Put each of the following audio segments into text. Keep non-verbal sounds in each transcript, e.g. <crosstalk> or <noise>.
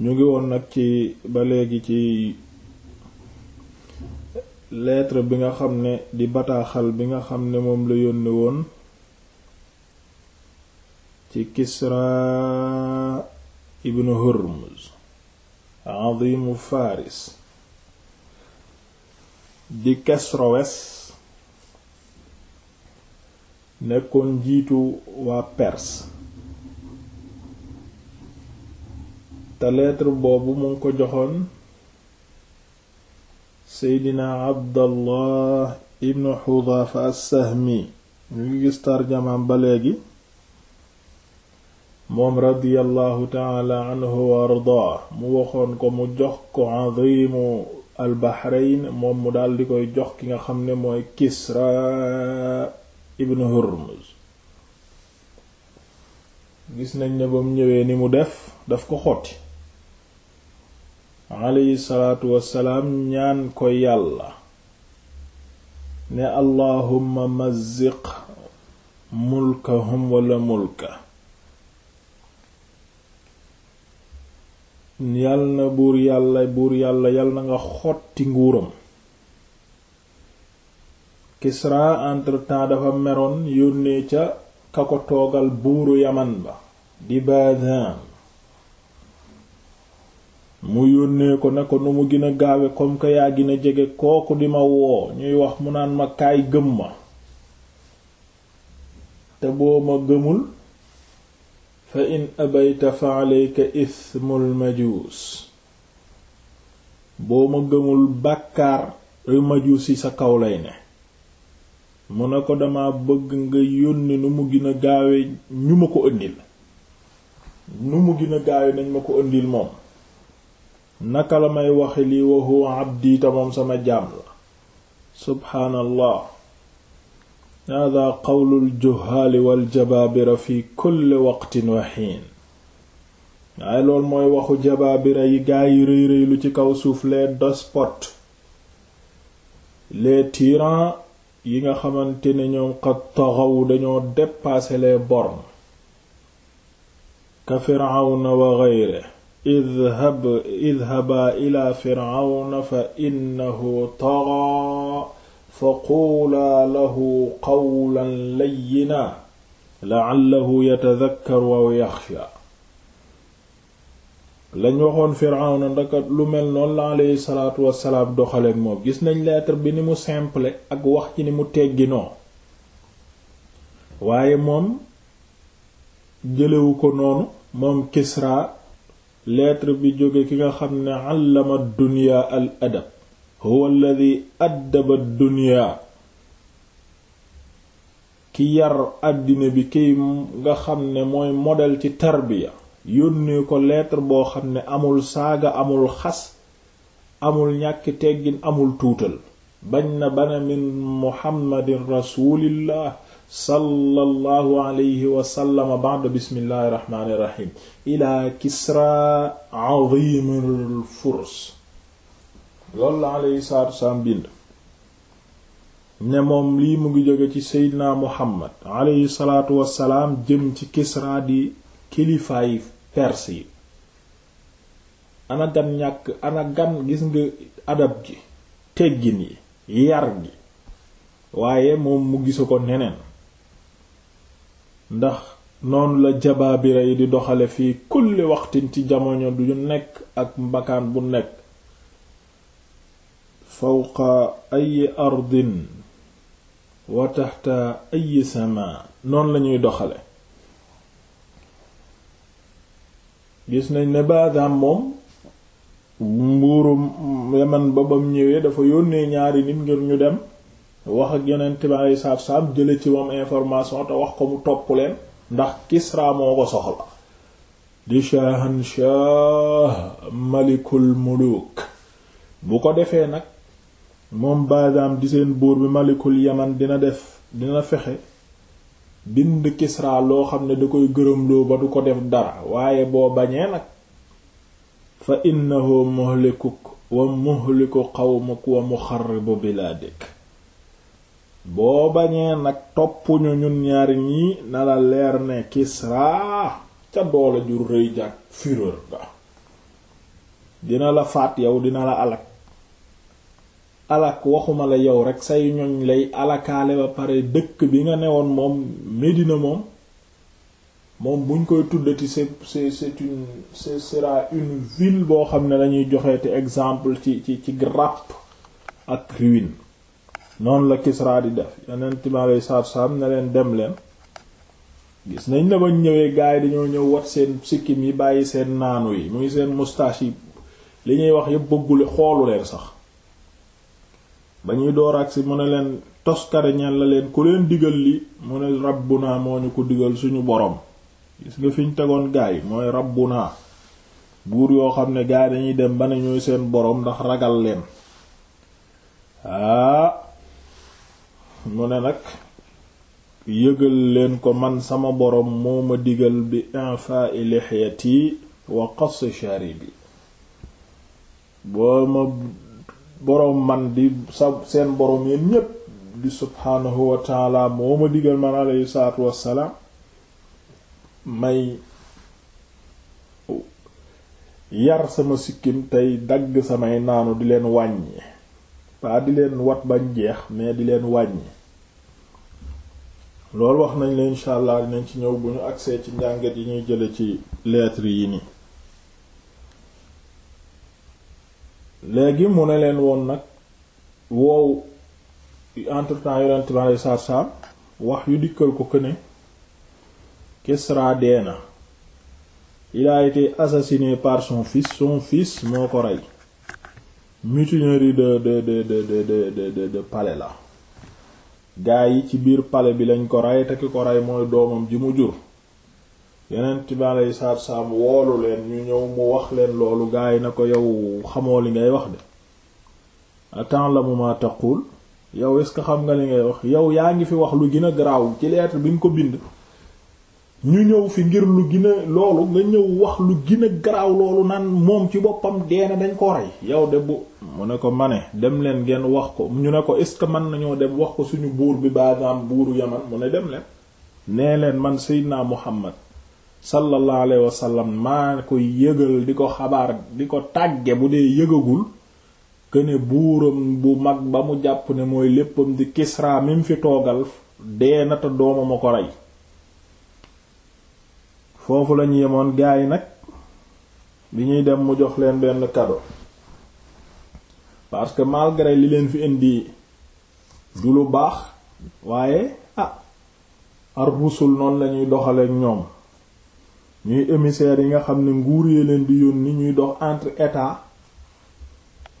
ñu ngi woon nag ci ba léegi ci leetre bi nga xam ne di bataaxal bi nga xam ne moom la yónni woon ci Kisra ibn Hurmuz azimu Faris di Kesrowes nekkoon njiitu waa Perse te lettre boobu mu ngi ko joxoon seydina abdallah ibnu xudafa assahmi ñu ngi gis tarjamaam ba léegi moom radiyallahu taala anhu wa ardaa mu waxoon ko mu jox ko adimu albahrain moom mu daal di koy jox ki nga xam ne mooy kisra ibnu hurmuz gis nañ ne bam ñëwee ni mu def daf ko xotti alayhi salaatu wassalaam ñaan ko yàlla ne allahumma mazziq mulkahum wala mulka yal na buur yàlla buur yàlla yal na nga xotti nguuram Kisra entre-temps dafa meroon yónnee ca ka ko toogal buuru Yaman ba di Bazan mu yónnee ko ne ko nu mu gën a gaawe comme que yaa gën a jege kooku di ma woo ñuy wax mu naan ma kaay gëm ma te boo ma gëmul fa in abayta fa alayka ismul majuus boo ma gëmul bàkkaar majuus yi sa kaw lay ne mu ne ko dama bëgg nga yónni nu mu gën a ñu ma ko ëndil nu mu gina a gaawe nañ ma ko ëndil moom naka la may waxe lii wa huwa abdi moom sama jaam la subhaanallah hada qawlul juhaali wal jabaabira fi kulli waqtin wa xiin waaye loolu mooy waxu jabaabira yi gaa yi rëy rëylu ci kaw suuf les despotes les tyrans yi nga xamante ne ñoom qad taxaw dañoo dépasser les bornes ka firawna wa ghayrihi idhab ila fircawna fa innahu tagaa fa quulaa lahu qawlan layyina la'allahu yatadhakkaru aw yaxsha lañ waxoon firawna ndaka lu mel noonu la aleyhi salaatu wasalaam doxaleek moom gis nañ lettre bi ni mu simple ak wax ci ni mu tegginoo waaye moom jëlewu ko noonu moom Kisra lettre bi jóge ki nga xam ne àllama dunya al adab huwa alladi addaba dunya ki yar àddina bi kiy nga xam ne mooy model ci tarbiya yónnee ko lettre boo xam ne amul saaga amul xas amul ñàkki teggin amul tuutal bañ na bana min muhammadin rasulillah sallallahu alayhi wa sallam ba'da bismillahi rahmaani rahiim ilaa kisra azimul furs loolu la alayhi salaatu wasalaam bind ne moom lii mu ngi jóge ci seydina muhammad alayhi salaatu wasalaam jëm ci kisra di kilifaay perse yi ana gan ñàkk ana gan gis nga adab gi teggin yi yar gi waaye moom mu gisu ko neneen ndax noonu la jabaabira yi di doxale fii kulli waxtin ci jamono du nekk ak mbakaan bu nekk fawqa ay ardin wa ay sama noonu lañuy doxale gis nañ ne baadaam moom mbuuru yaman ba bam ñëwee dafa yónnee ñaari nit ngir ñu dem wax ak yonent bi alei saatu salaam jële ci moom information te wax ko mu topp leen ndax Kisra moo ko soxla di shahanshah malikul muluk bu ko defee nag moom badam di seen buur bi malikul yaman dina def dina fexe bind Kisra loo xam ne di koy gërëmloo ba du ko def dara waaye boo bañee nag fa innahu muhlikuk wa muhliku qawmuk wa muxarribu bilaadik boo bañee nag toppuñu ñun ñaari ñi na la leer ne Kisra ca doole jur rëy jàkk fureur ga dina la faat yow dina la alak alak waxuma la yow rekk say ñoñ lay alakaale ba pare dëkk bi nga newoon moom Médina moom moom buñ koy tuddati c'est c'est une ville boo xam ne lañuy joxeeti exemple ci ci ci ak ruine noonu la Kisra di def yonent bi alayhi salaatu ne leen dem leen gis nañ la bañ ñëwee gaay dañoo ñëw wat seen sikkim yi bàyyi seen naanu yi muy seen moustache yi li ñuy wax yëpp bëggule xoolu leen sax ba ñuy door ak si mu ne leen toskare ñan la leen ku leen digal li mu ne rabbuna moo ñu ko digal suñu boroom gis nga fi ñu tegoon gaay mooy rabbuna buur yoo xam ne gaay dañuy dem ba ne ñooy seen boroom ndax ragal leen ah mu ne nag yëgal leen ko man sama boroom moo ma digal bi infaa'i lihyati wa qass sharibi boo ma boroom man di sa seen boroom yeen ñépp di subhaanahu wa taala moo ma digal man alayhi salaatu wassalaam may yar sama sikkim tey dagg samay naanu di leen wàññi pas di leen wat bañ jeex mais di leen wàññi loolu wax nañ leen incha allah dinañ ci ñëw bu ñu agsee ci njàngat yi ñuy jële ci lettre yi nii léegi mu ne leen woon nag woow entre temps yonent bi alei saatu salaam wax yu dikkal ko këne Kisra dee na il a été assassiné par son fils son fils moo ko rey mutinerie de de de de de de pale la gaa yi ci biir pale bi lañ ko rey te ko rey mooy doomam ji mu jur yeneen bi aleyi salaatu salaam woolu leen ñu ñëw mu wax leen loolu gaa yi na ko yow xamoo li ngay wax de ata'lamu ma taqul yow est-ce que xam nga li ngay wax yow yaa ngi fi wax lu gën a garaaw ci lettre bi nga ko bind ñu ñëw fi ngir lu gina loolu nga ñëw wax lu gina a garaaw loolu naan moom ci boppam deena dañ ko rey yow de bu mu ne ko ma ne dem leen ngeen wax ko ñu ne ko est-ce que mën nañoo dem wax ko suñu buur bi baadaam buuru yaman mu ne dem leen nee leen man seydinaa muhammad sallallahu alayhi wasallam maa ko yëgal di ko xabaar di ko tàggee bu dee yëgagul këne buuram bu mag ba mu jàpp ne mooy léppam di kisra mi mu fi toogal deena te doomam a ko rey foofu lañu yemoon gaa yi nag bi ñuy dem mu jox leen benn cadeau parce que malgré li leen fi indi du lu baax waaye a ah, ar rusul noonu lañuy doxaleek ñoom ñuy émissaires yi nga xam ne nguur yee leen di yónni ñuy dox entre état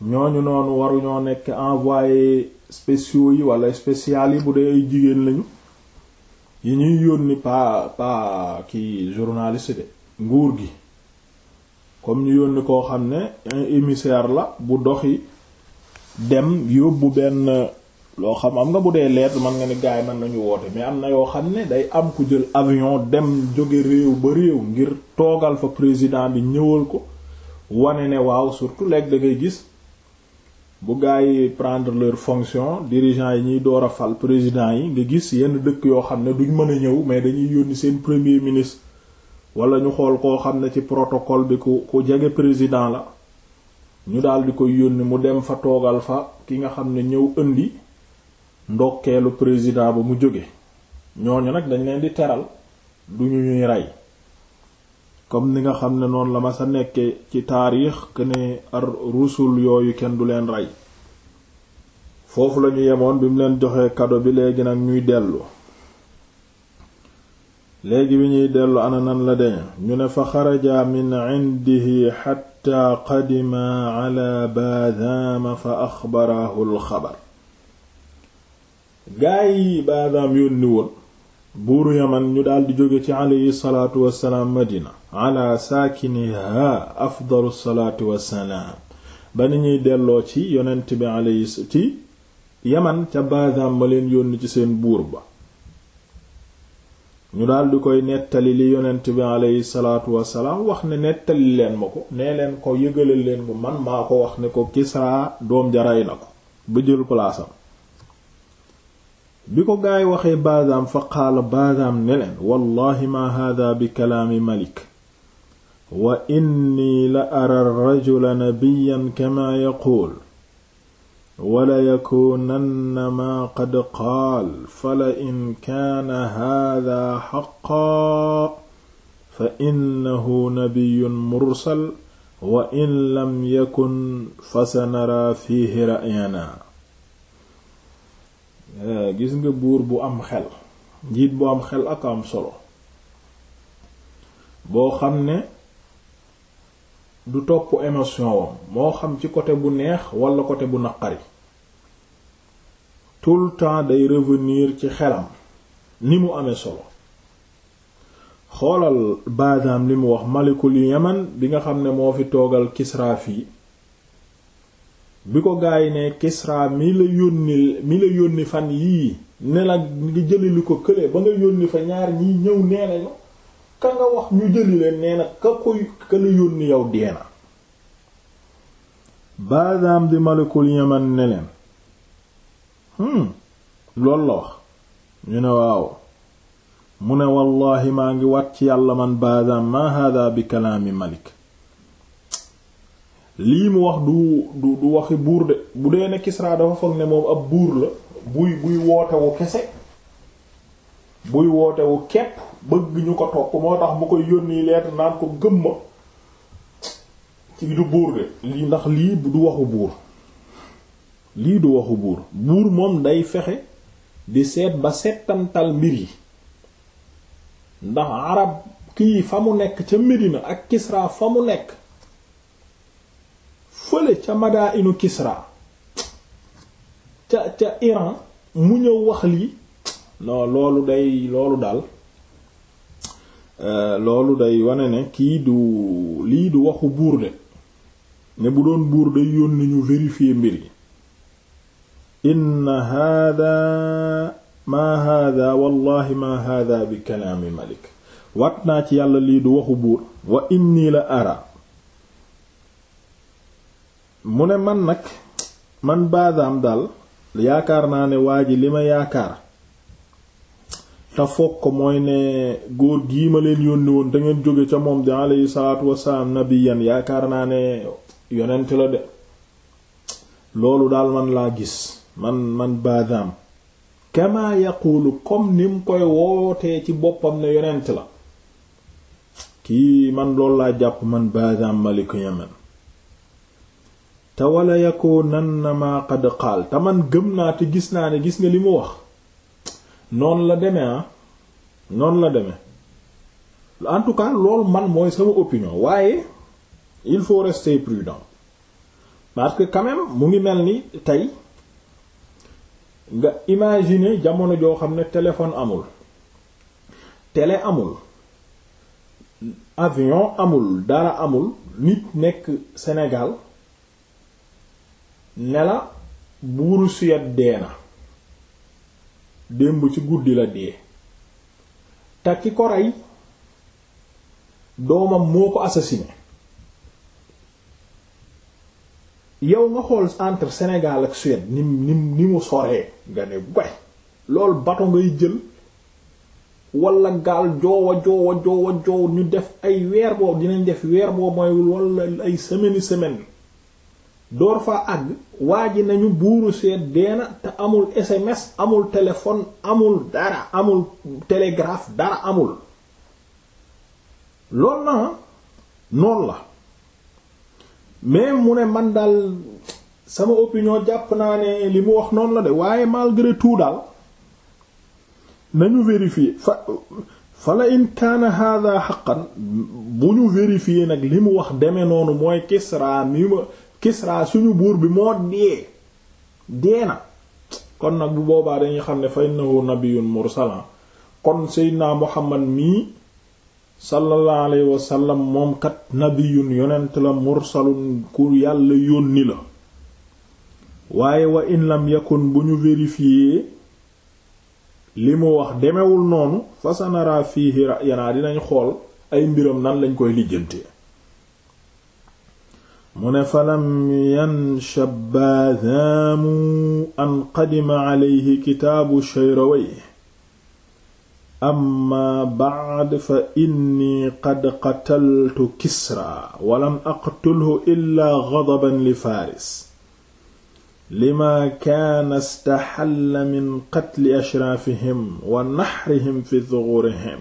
ñooñu noonu waruñoo nekk envoyé spéciaux yi wala spécial yi bu dee ay jigéen lañu yi ñuy yónni pa pa ki journaliste de nguur gi comme ñu yónni koo xam ne un émissaire la bu doxi dem yóbbu benn loo xam am nga bu dee lettre man nga ne gars man nañu woote mais am na yoo xam ne day am ku jël avion dem jóge réew ba réew ngir toogal fa président bi ñëwal ko wane ne waaw surtout léegi da ngay gis bu gars yi prendre leur fonction dirigeants yi ñuy door a fal président yi nga gis yenn dëkk yoo xam ne duñ mën a ñëw mais dañuy yónni seen premier ministre wala ñu xool koo xam ne ci protocole bi ku ku jege président la ñu daal di koy yónni mu dem fa toogal fa ki nga xam ne ñëw indi ndokkeelu président ba mu jóge ñoo ñooñu nag dañ leen di teral du ñu ñuy rey comme ni nga xam ne noonu la ma sa nekke ci taarix que ne ar rusul yooyu kenn du leen rey foofu lañu yemoon bi mu leen joxe kado bi léegi nag ñuy dellu léegi bi ñuy dellu ana nan la deña ñu ne fa xarajaa min indihi xatta qadima ala baadaama fa axbarahu alxabar gaay baadaam yónni woon buuru yaman ñu daldi jóge ci aleyhi salaatu wassalaam madina ala saakiniha afdalu salaatu wassalaam ba ni ñuy delloo ci yonent bi aleyhi ci yaman ca baadam ma leen yónni ci seen buur ba ñu daldi koy nettali li yonent bi aleyhi salaatu wassalaam wax ne nettali leen ma ko nee leen ko yëgalal leen ko man maa ko wax ne ko kisaa doom jaray na ko ba jël palaasam bi ko gaay waxee baadaam fa qaala baadaam ne leen wallahi ma hada bi kalaami malik wa inni la ara rajula nabiyan kama yaquul wala yakuunanna maa qad qaal fala in kaana hada xaqaa fa innahu nabiyun mursal wa in lam yakun fa sanara fiihi ra'yanaa Euh, gis nga buur bu am xel njiit bu am xel ak am solo boo xam ne du topp émotion wam moo xam ci côté bu neex walla côté bu naqari tout le temps day revenir ci xelam ni mu amee solo xoolal baadaam li mu wax malikul yaman bi nga xam ne moo fi toogal kisraa fii bi ko gaa yi ne Kisra mi la yónni mi la yónni fan yii ne la ngi jëli li ko kële ba nga yónni fa ñaar ñii ñëw nee nañu ka nga wax ñu jëli leen nee na ka koy ka yónni yow dee na baadaam di malakul yaman ne leen hmm loolu ñu ne waaw mu ne wallaahi maa ngi wat ci yàlla man baadaam ma hàddaa bi kalaami malik lii mu wax du du du waxi buur de bu dee ne Kisra dafa foog ne moom ab buur la buy buy wootewu kese buy wootewu kepp bëgg ñu ko topp moo tax mu koy yónni lettre naan ko gëm ma ci du buur de lii ndax lii du waxu buur lii du waxu buur buur moom day fexe di seet ba setantal mbir yi ndax arab kii fa mu nekk ca Medina ak Kisra fa mu nekk fële ca madaa inu Kisra ca Iran mu ñëw wax lii non loolu day loolu daal euh, loolu day wane ne kii du lii du waxu buur de ne bu doon buur day yónni ñu vérifier mbir yi inna hada maa hada wallahi maa hada bi kalaami malik wat naa ci yàlla lii du waxu buur wa inni la ara mu ne man nag man baasaam daal yaakaar naa ne waa ji li ma yaakaar te foog ko mooy ne góor gii ma leen yónni woon te ngeen jóge ca moom di alayhi salaatu wasalaam nabiyan yaakaar naa ne yonent la de loolu daal man laa gis man man baadaam kama yaqulu comme ni mu koy wootee ci boppam ne yonent la kii man loolu laa jàpp man baadaam maliku yaman te wala yakoonanna maa qad qaal te man gëm naa te gis naa ne gis nga li mu wax noonu la deme ah noonu la deme en tout cas loolu man mooy sama opinion waaye il faut rester prudent parce que mu ngi mel ni tey nga imaginer jamono joo xam ne téléphone amul tele amul avion amul dara amul nit nekk Sénégal ne la buuru Suède dee na démb ci guddi la dee te ki ko rey doomam moo ko assassiné yow nga xool entre Sénégal ak Suède ni ni ni mu soree nga ne way loolu bato ngay jël walla gaal joowa joowa joowa joow ñu def ay weer boobu dinañ def weer boobu mooy wala ay semaine semaine door faa àgg waa ji nañu buuru seet deena te amul SMS amul téléphone amul dara amul télégraphe dara amul loolu na noonu la mais mu ne man daal sama opinion jàpp naa ne li mu wax noonu la de waaye malgré tout daal nañu vérifier fa fala in kaana hada xaqan bu ñu vérifier nag li mu wax deme noonu mooy Kisra mi ma Kisra suñu buur bi moo dee dee na kon nag bu boobaa dañuy xam ne fay innahu nabiyyun mursalan kon seydinaa Muhammad mii sallallahu alayhi wa sallam moom kat nabiyun yonent la mursalun ku yàlla yónni la waaye wa in lam bu ñu vérifier li mu wax demewul noonu fasanara fiihi ra'yanaa dinañ xool ay mbiram nan lañ koy lijjante mu ne falam yanshaba zaamu an qadima alayhi kitaabu shayraway amma ba'd fa inni qad qataltu kisra walam aqtulhu illaa ghadaban li faaris lima kaana istaxalla min qatli ashraafihim wa naxrihim fi zuxurihim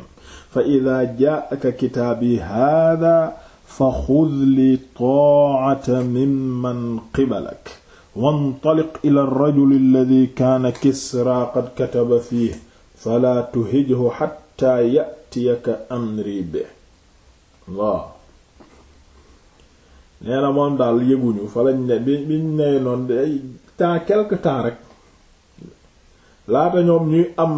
fa idaa jaa'aka kitaabi haadaa fa xud li taata mimman qibalak wantaliq ila rajuli alladi kaana kisra qad kataba fiih falaa tuhijhu xatta yatiyaka amri be waaw nee na moom daal yëguñu fa lañ ne bi biñ nee noon day temps quelque temps rek laata ñoom ñuy am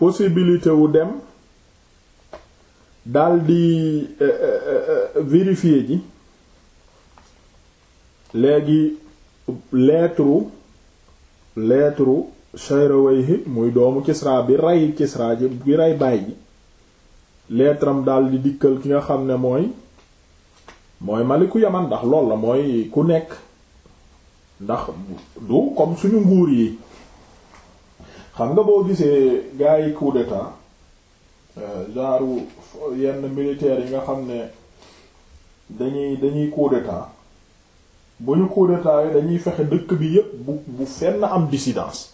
possibilité wu dem daldi eh, eh, eh, vérifier ji léegi lettre lettre Shayrawayhi muy doomu Kisra bi rey Kisra ji bi rey baay dikkal ki nga xam ne mooy mooy maliku Yaman ndax lool la mooy ku nekk ndax du comme suñu nguur yi xam nga boo gisee gaa yi coup d'état Euh, genre yenn militaires yi nga xam ne dañuy dañuy coup d'état bu ñu coup yi dañuy fexe dëkk bi yépp bu bu fenn am dissidence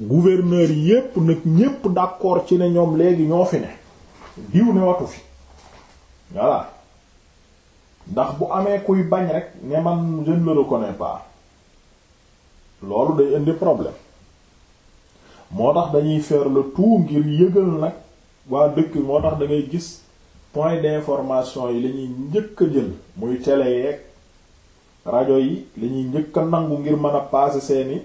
gouverneur yépp nag ñépp d'accord ci ne ñoom léegi ñoo fi ne diw ne watu fi voilà ndax bu amee kuy bañ rek ne man je ne le reconnais pas loolu day indi problème moo tax dañuy faire le tout ngir yëgal nag waa dëkk bi moo tax da ngay gis point d'information yi la njëkk a jël muy télé yeeg rajo yi la ñuy njëkk a nangu ngir mën a passer seeni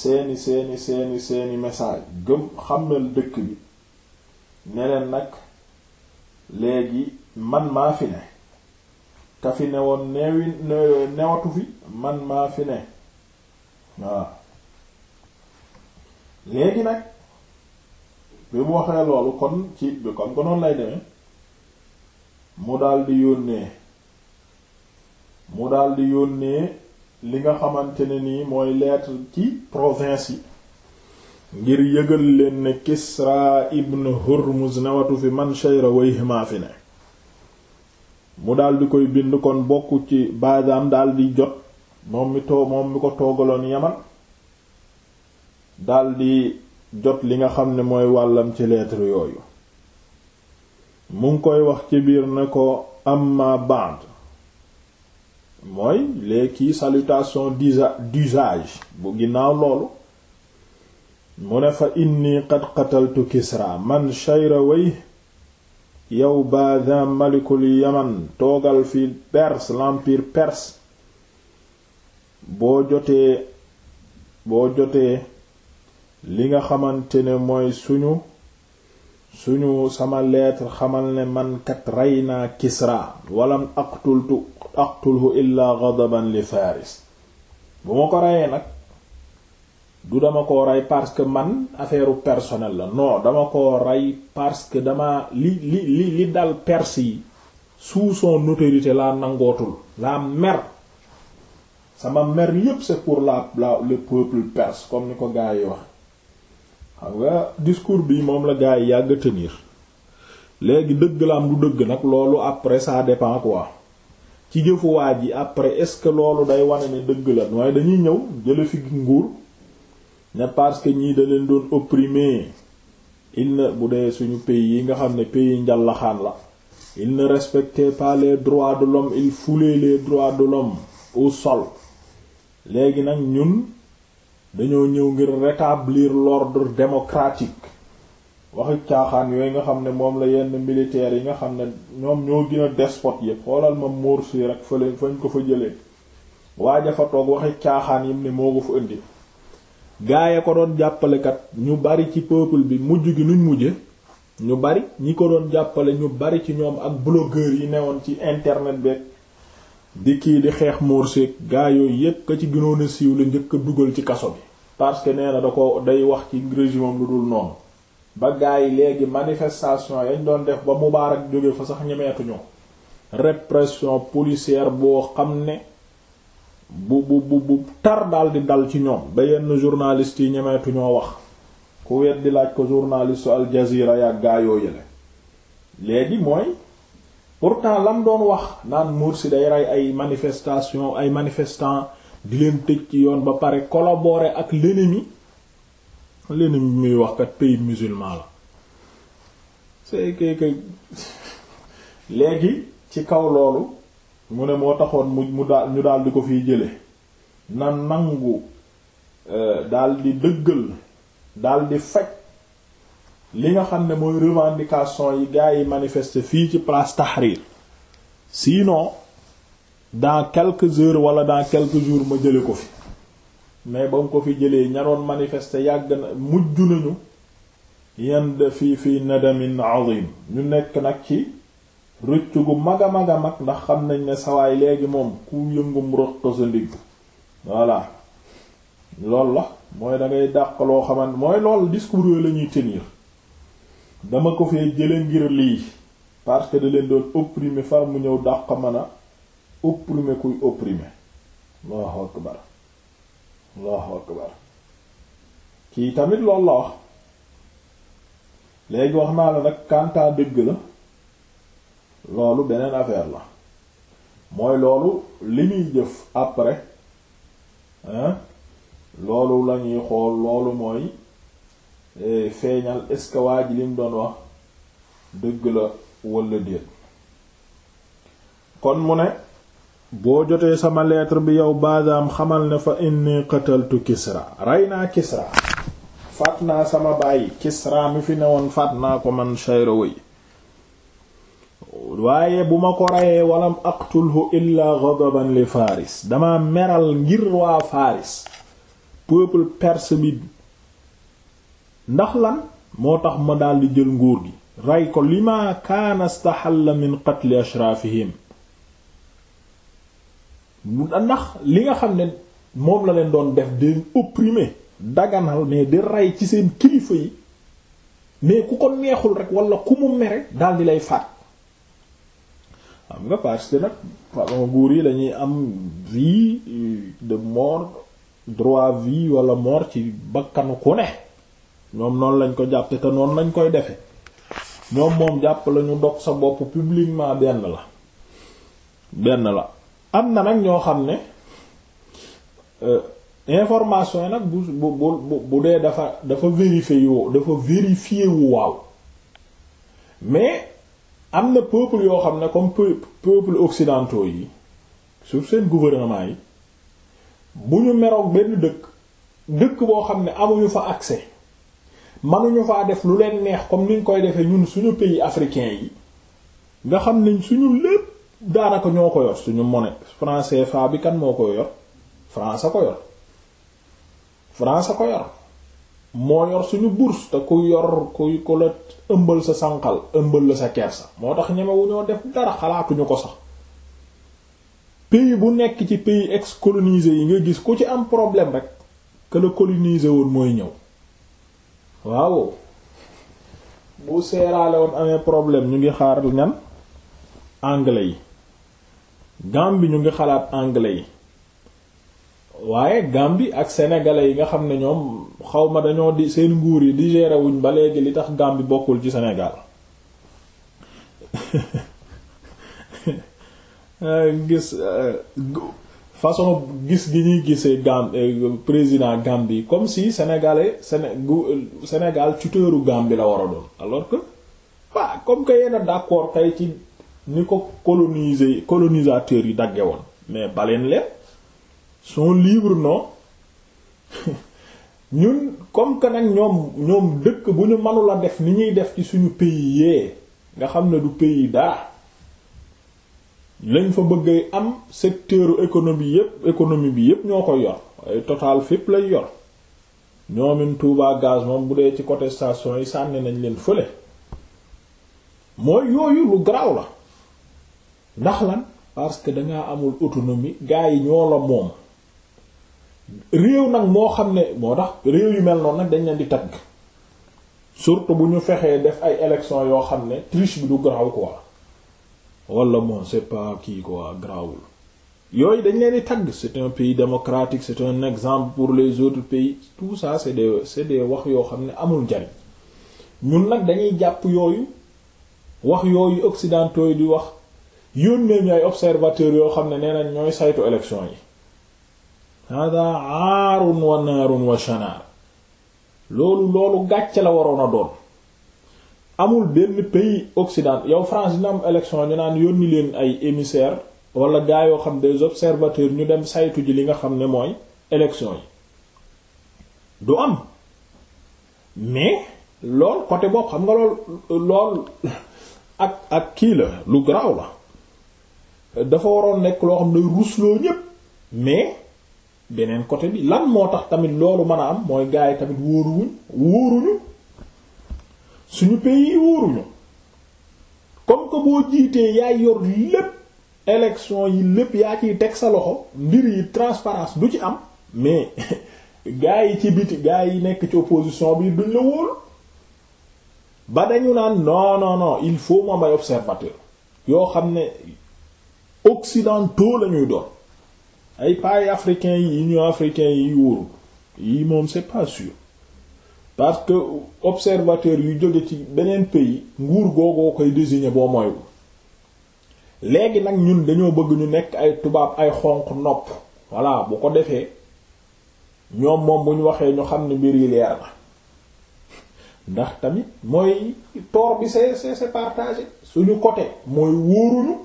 seeni seeni seeni seeni message gëm xamal dëkk bi ne leen nag léegi man maa fi ne ka fi ne woon neewi newatu fi man maa fi ne waaw léegi nag bi mu waxee loolu kon ci bi comme ko noonu lay demee mu daldi yónnee mu daldi yónnee li nga xamante ne nii mooy lettre ci province yi ngir yëgal leen ne Kisra ibn Hurmuz newatu fi man shayra wayhima fi mu daldi koy bind kon bokk ci baadaam daldi jot moom mi too moom mi ko toogaloon Yaman daldi jot li nga xam ne mooy wàllam ci lettre yooyu mu ngi koy wax ci biir ne ko amma band mooy léegi salutation d'usage bu ginnaaw loolu mu ne fa inni qad qataltu kisra man shayraway yow baadin malikul yaman toogal fi perse l'empire perse boo jotee boo jotee li nga xamante ne mooy suñu suñu sama lettre xamal ne mankat rey naa Kisra walam aqtultu aqtulhu illaa ghadaban li Faris bu ma ko reyee nag du dama ko rey parce que man affaire personnelle la non dama ko rey parce que dama li li li dal Perse yi sous son laa nangootul laa mer sama mer yépp c'est pour la la peuple perse comme ni ko gaa wax xam nga discours bi moom la gars yi yàgg tenir léegi dëgg la am du dëgg nag loolu après ça dépend quoi ci jëfuwaay ji après est-ce que loolu day wane ne dëgg la waaye dañuy ñëw jële fi nguur ne parce que ñii da leen doon opprimer il ne bu dee suñu pays yi nga xam ne pays njallaxaan la il ne respectait pas les droits de lome il foulait les droits de l'homme au sol léegi nag ñun dañoo ñëw ngir rétablir l'ordre démocratique waxi caaxaan yooyu nga xam ne moom la yenn militaires yi nga xam ne ñoom ñoo gën a despote yépp xoolal ma Morsi rek fële fañ ko fa jëlee waaja fa toog waxi caaxaan yim ne moo ko fa indi gaay a ko doon jàppalekat ñu bari ci peuple bi mujj gi nuñ mujje ñu bari ñi ko doon jàppale ñu bari ci ñoom ak blogueurs yi newoon ci internet beeg di kii di xeex Morsi gaay yooyu yëpp ka ci gënoon siiw la njëkk a dugal ci kaso bi parce que nee na da ko day wax ci régime lu dul noonu ba gaa yi léegi manifestation yañ doon def ba Moubarak jóge fa sax ñemeetuñu répression policière boo xam ne bu bu bu tar daal di dal ci ñoom ba yenn journalistes yi ñemeetuñoo wax ku wet di laaj ko journaliste Al Jazeera yaa gaa yoo yële léegi mooy pourtant lam doon wax naan Morsi day rey ay manifestation ay manifestant di leen tëj ci yoon ba pare collaborer ak l'ennemi l'ennemi muy wax kat pays musulman la c'est que <laughs> léegi ci kaw loolu mu ne moo taxoon mu mu daal ñu daal di ko fiy jële na nangu euh, daal di dëggal daal di faj li nga xam ne mooy revendication yi gars yi manifester fii ci place Tahrir sinon dans quelque heures wala dans quelques jours ma jële ko fi mais ba mu ko fi jëlee ñaroon manifester yàgg na mujj nañu yend fii fii nadamin azim ñu nekk nag ci rëcc gu mag a mag a mag ndax xam nañ ne sawaay léegi moom ku yëngum roq sa ndigg voilà loolu la mooy da ngay dàq loo xamante mooy lool discours yooyu la ñuy tenir dama ko fee jële ngir lii parce que da leen doon opprimer far mu ñëw dàq mën a opprimer kuy opprimer allahu akbar allahu akbar kii tamit loolu la wax léegi wax naa la nag kantaa dëgg la loolu beneen affaire la mooy loolu li ñuy jëf après loolu la ñuy xool loolu mooy eh, feeñal est lim doon wax dëgg la walla déet kon mu ne boo jotee sama lettre bi yow baadaam xamal ne fa inni qataltu Kisra rey naa Kisra faat naa sama bàyyi Kisra mi fi newoon faat naa ko man Shayrawi waaye bu ma ko reyee walam aqtulhu illa ghadaban li Faris dama meral ngir waa Faris peuple perse bi ndax la moo tax ma daldi jël nguur gi rey ko lima kaana istahalla min qatli ashrafihim ndax li nga xam ne moom la leen doon def di opprimer daganal mais di rey ci seen kilifa yi mais ku ko neexul rek wala ku mu mere daal di lay faat xam nga parce que nag façon guur yi lañuy am vie de mort droit vie wala mort ci bakkanu ku ne ñoom noonu lañ ko jàppe te noonu lañ koy defe ñoom moom jàpp lañu dog sa bopp publiquement benn la benn la am na nag ñoo xam ne euh, information yi nag bu bu bu bu dee dafa dafa yi yu dafa vérifié wu waaw mais am na peuple yoo xam ne comme peuple occidentaux yi sur seen gouvernement yi bu ñu meroog benn dëkk dëkk boo xam ne amuñu fa accès mënuñu faa def lu leen neex comme niñ koy defee ñun suñu pays africain yi nga xam ne suñu lépp daanaka ñoo ko yor suñu monnaie franc CFA bi moo ko yor France ko yor France ko moo yor suñu bourse te ku yor ku ku la ëmbal sa sànqal ëmbal la sa kersa moo tax ñemewu ñoo def dara xalaatuñu ko sax pays bu nekk ci pays ex-colonisé yi nga gis ku ci am problème rek que la colonisé woon mooy ñëw waaw bu seeraale amee problème ñu ngi xaar ñan anglais yi Gambie ñu ngi xalaat anglais yi waaye Gambie ak sénégalais yi nga xam ne ñoom xaw ma dañoo di seen nguur yi di gérer ba léegi li tax Gambie bokkul ci Sénégal <laughs> euh, gis euh, façon gis gi ñuy gisee Gambie euh, président Gambie comme si sénégalais Séné Sénégal tuteuru Gambie la war a doon alors que waa comme que yéen d'accord tey ci. ni ko coloniser colonisateurs yi dagge woon mais baleen leen sont libres non <laughs> ñun comme que nag ñoom ñoom dëkk bu ñu manula def ni ñuy def ci suñu pays yee nga xam ne du pays daa lañ fa bëggee am secteur économie yépp économie bi yépp ñoo ko yor ay total fépp lañ yor ñoomin Touba gaz moom bu dee ci contestation yi sànni nañ leen fële mooy yooyu lu garaaw la ndax lan parce que dangaa amul autonomie gars yi ñoo la moom réew nag moo xam ne moo tax réew yu mel noonu nag dañ leen di tagg surtout bu ñu fexee def ay élections yoo xam ne triche bi du graw quoi wala moom c'est pas kii quoi grawul yooyu dañ leen di tagg c'est un pays démocratique c'est exemple pour les autres pays tout ça c'est des c'est wax yoo xam ne amul njariñ ñun nag dañuy jàpp yooyu wax yooyu occidentaux yi di wax yónnee ñu ay observateurs yoo xam ne nee nañ ñooy saytu élection yi hada aarun wa naarun wa shanaar loolu loolu gàcce la waroon a doon amul benn pays occident yow France dina am élection ñu naan yónni leen ay émissaires wala gaa yoo xam des observateurs ñu dem saytu ji li nga xam ne mooy élection yi du am mais lool côté boobu xam nga lool lool ak ak kii la lu garaaw la dafa waroon nekk loo xam ne rusloo ñépp mais beneen côté bi lan moo tax tamit loolu mën a am mooy gars yi tamit wóoruwuñ wóoruñu suñu pays yi wóoruñu comme que boo jiitee yaay yor lépp élection yi lépp yaa ciy teg sa loxo mbir yi transparence du ci am mais <laughs> gars yi ci biti gars yi nekk ci opposition bi duñ la wóolu ba dañu naan non il faut moom ay observateur yoo xam ne occidentaux la ñuy doon ay pays africains yi union africain yi wóorul yi moom c'est pas sûr parce que observateur yu jóge ci beneen pays nguur googoo koy désigner boo moyul léegi nag ñun dañoo bëgg ñu nekk ay tubaab ay xonq nopp voilà bu ko defee ñoom moom bu ñu waxee ñu xam ne mbir yi leer na ndax tamit mooy toor bi c'est c'est partagé suñu côté mooy wóoruñu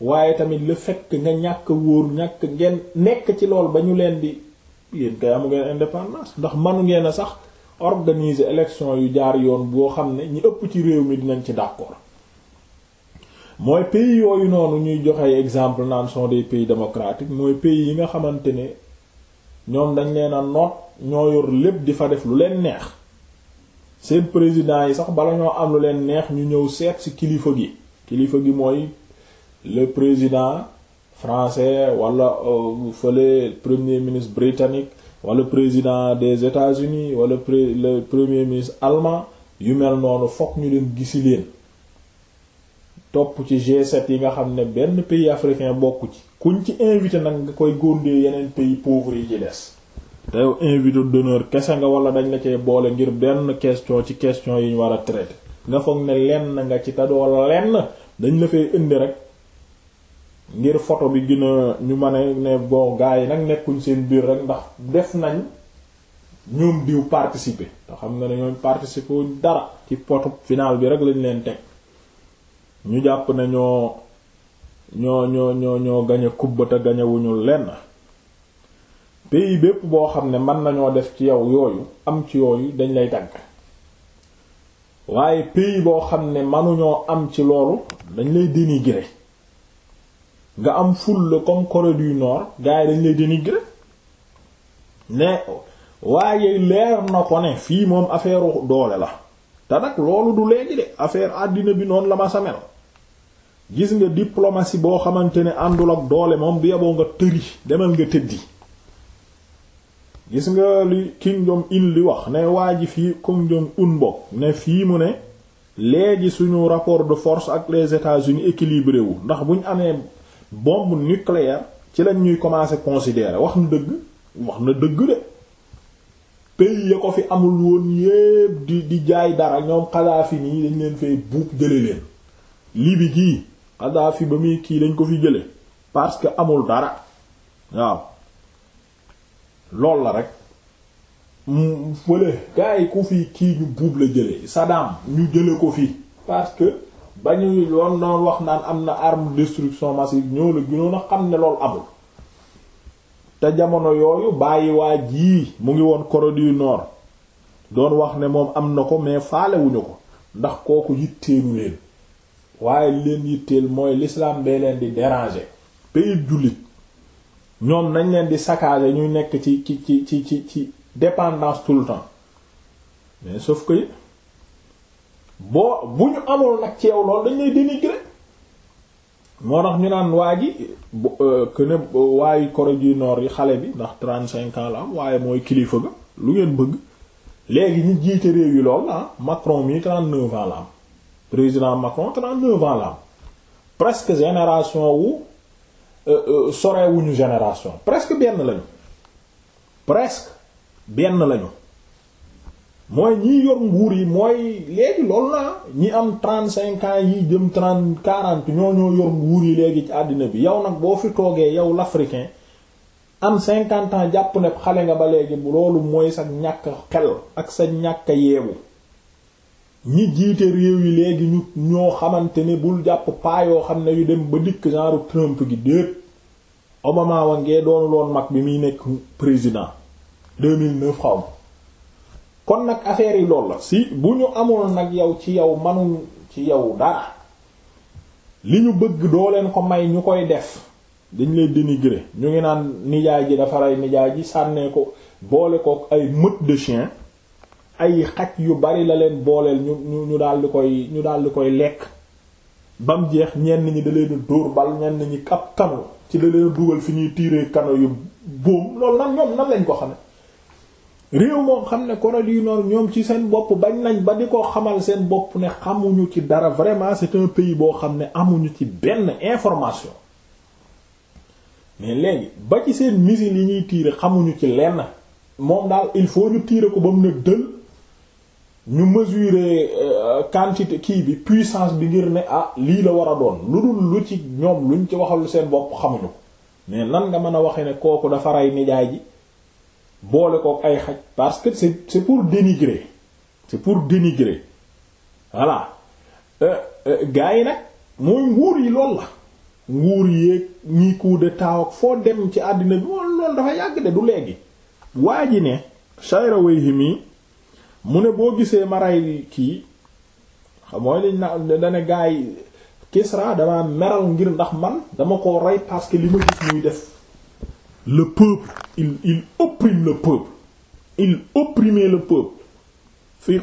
waaye tamit le fekk nga ñàkk wóor ñàkk ngeen nekk ci lool ba ñu leen di yéen kay amu ngeen indépendance ndax manu ngeen a sax organiser élection yu jaar yoon boo xam ne ñi ëpp ci réew mi dinañ ci d'accord mooy pays yooyu noonu ñuy joxe exemple naan sont des pays démocratiques mooy pays yi nga xamante ne ñoom dañ leen a noot ñoo yor lépp di fa def lu leen neex seen président yi sax bala ñoo am lu leen neex ñu ñëw seet ci kilifa gi kilifa gi mooy le président français wala euh, fële premier ministre britannique wala président des États-Unis wala le premier ministre allemand yu mel noonu fokk ñu dem gisi leen topp ci G7 yi nga xam ne benn pays africain bokku ci kuñ ci invité nag nga koy góondee yeneen pays pauvres yi ci des te invité d'honneur kese nga wala dañ la cee boole ngir benn question ci question yi ñu war a traiter nga ne lenn nga ci ta doo lenn dañ la fay indi rek ngir photo bi gën ñu mën a ne boo gaa yi nag nekkuñ seen biir rek ndax def nañ ñoom diw participer te xam nga ne ñoom participer dara ci photo final bi rek lañ leen teg ñu jàpp ne ñoo ñoo ñoo ñoo ñoo gañe kubba te gañewuñu lenn pays bépp boo xam ne mën nañoo def ci yow yooyu am ci yooyu dañ lay tagg waaye pays boo xam ne mënuñoo am ci loolu dañ lay dénigrer nga am fulla comme Corée du Nord gars yi dañ lay dénigrer ne waaye leer na ko ne fii moom affaire doole la te nag loolu du léegi de affaire àddina bi noonu la ma sa mel gis nga diplomatie boo xamante ne àndul ak doole moom bi yeboo nga tëri demal nga tëddi gis nga li Kim Jong Il li wax ne waa ji fii Kim Jong Un ne fii mu ne léegi suñu rapport de force ak les États-Unis équilibré wu ndax buñ amee bombe nucléaire ci lañ ñuy commencer considérer wax na dëgg wax na dëgg de pays ya ko fi amul woon yépp di di jaay dara ñoom Kadhafi nii dañ leen fay buub jële leen Libye gii Kadhafi ba muy kii dañ ko fi jële parce que amul dara waaw lool la rek mm, fële gars yi ku fi kii ñu buub la jële Saddam ñu jële ko fi parce que ba ñuy loon noonu wax naan am na arme destruction massive ñoo la gënoon a xam ne loolu amul te jamono yooyu bàyyi waa ji mu ngi woon Corée noor Nord doon wax ne moom am na ko mais faalewuñu ko ndax kooku yitteelu leen waaye leen yitteel mooy l'islam bee leen di déranger pays jullit ñoom nañ leen di saccager ñuy nekk ci ci ci ci ci dépendance tout le temps mais sauf que boo bu ñu amul nag ci yow loolu dañ lay dénigrer moo tax ñu naan waa ji euh, que ne euh, waayu Corée du yi xale bi ndax trente cinq ans la am waaye mooy kilifa ga lu ngeen bëgg léegi ñu jiite réew yi lool ah Macron mi trente neuf ans la président Macron trente neuf ans la presque génération wu euh, sorewuñu génération presque benn lañu presque benn lañu. mooy ñi yor nguur yi mooy léegi loolu la ñi am trente cinq ans yi jëm trente quarante ñoo ñoo yor nguur yi léegi ci àddina bi yow nag boo fi toogee yow l'africain am cinquante ans jàpp ne xale nga ba léegi loolu mooy sa ñàkk xel ak sa ñàkk yeewu ñi jiite réew yi léegi ñu ñoo xamante ne bul jàpp paa yoo xam ne yu dem ba dikk genre Trump gi déet Obama wa ngee doonu loon mag bi muy nekk président 2009 xaw kon nag affaire yi loolu la si bu ñu amoon nag yow ci yow manuñ ci yow dara li ñu bëgg doo leen ko may ñu koy def dañ lay dénigrer ñu ngi naan nijaay ji dafa rey nijaay ji sànnee ko boole ko ay mët de chien ay xaj yu bari la leen booleel ñu ñu ñu daal di koy ñu daal di koy lekk bam jeex ñenn ñi da leen dóor bal ñenn ñi ab kano ci da leen dugal fi ñuy tiire kano yu boom loolu nan ñoom nan lañ ko xam réew moo xam ne Corée du Nord ñoom ci seen bopp bañ nañ ba di ko xamal seen bopp ne xamuñu ci dara vraiment c'est un pays boo xam ne amuñu ci benn information mais léegi ba ci seen missile yi ñuy tiire xamuñu ci lenn moom daal il faut ñu tiire ko ba mu ne dël ñu mesurer euh, quantité kii bi puissance bi ngir ne ah lii la war a doon lu dul lu ci ñoom luñ ci waxal seen bopp xamuñu ko mais nan nga mën a waxee ne kooku dafa rey nijaay ji boole kook ay xaj parce que c'est c'est pour dénigrer c'est pour dénigrer voilà euh, euh, gars yi nag mooy nguur yi lool la nguur yee ñi coup d'état ak foo dem ci àddina bi dafa yàgg de du léegi waa ji ne Shayrawayhi mi mu ne boo gisee ma rey kii xam mooy lañ na dane gars yi Kisra damaa meral ngir ndax man dama ko rey parce que li ma gis muy def le peuple il il opprime le peuple il opprimait le peuple fi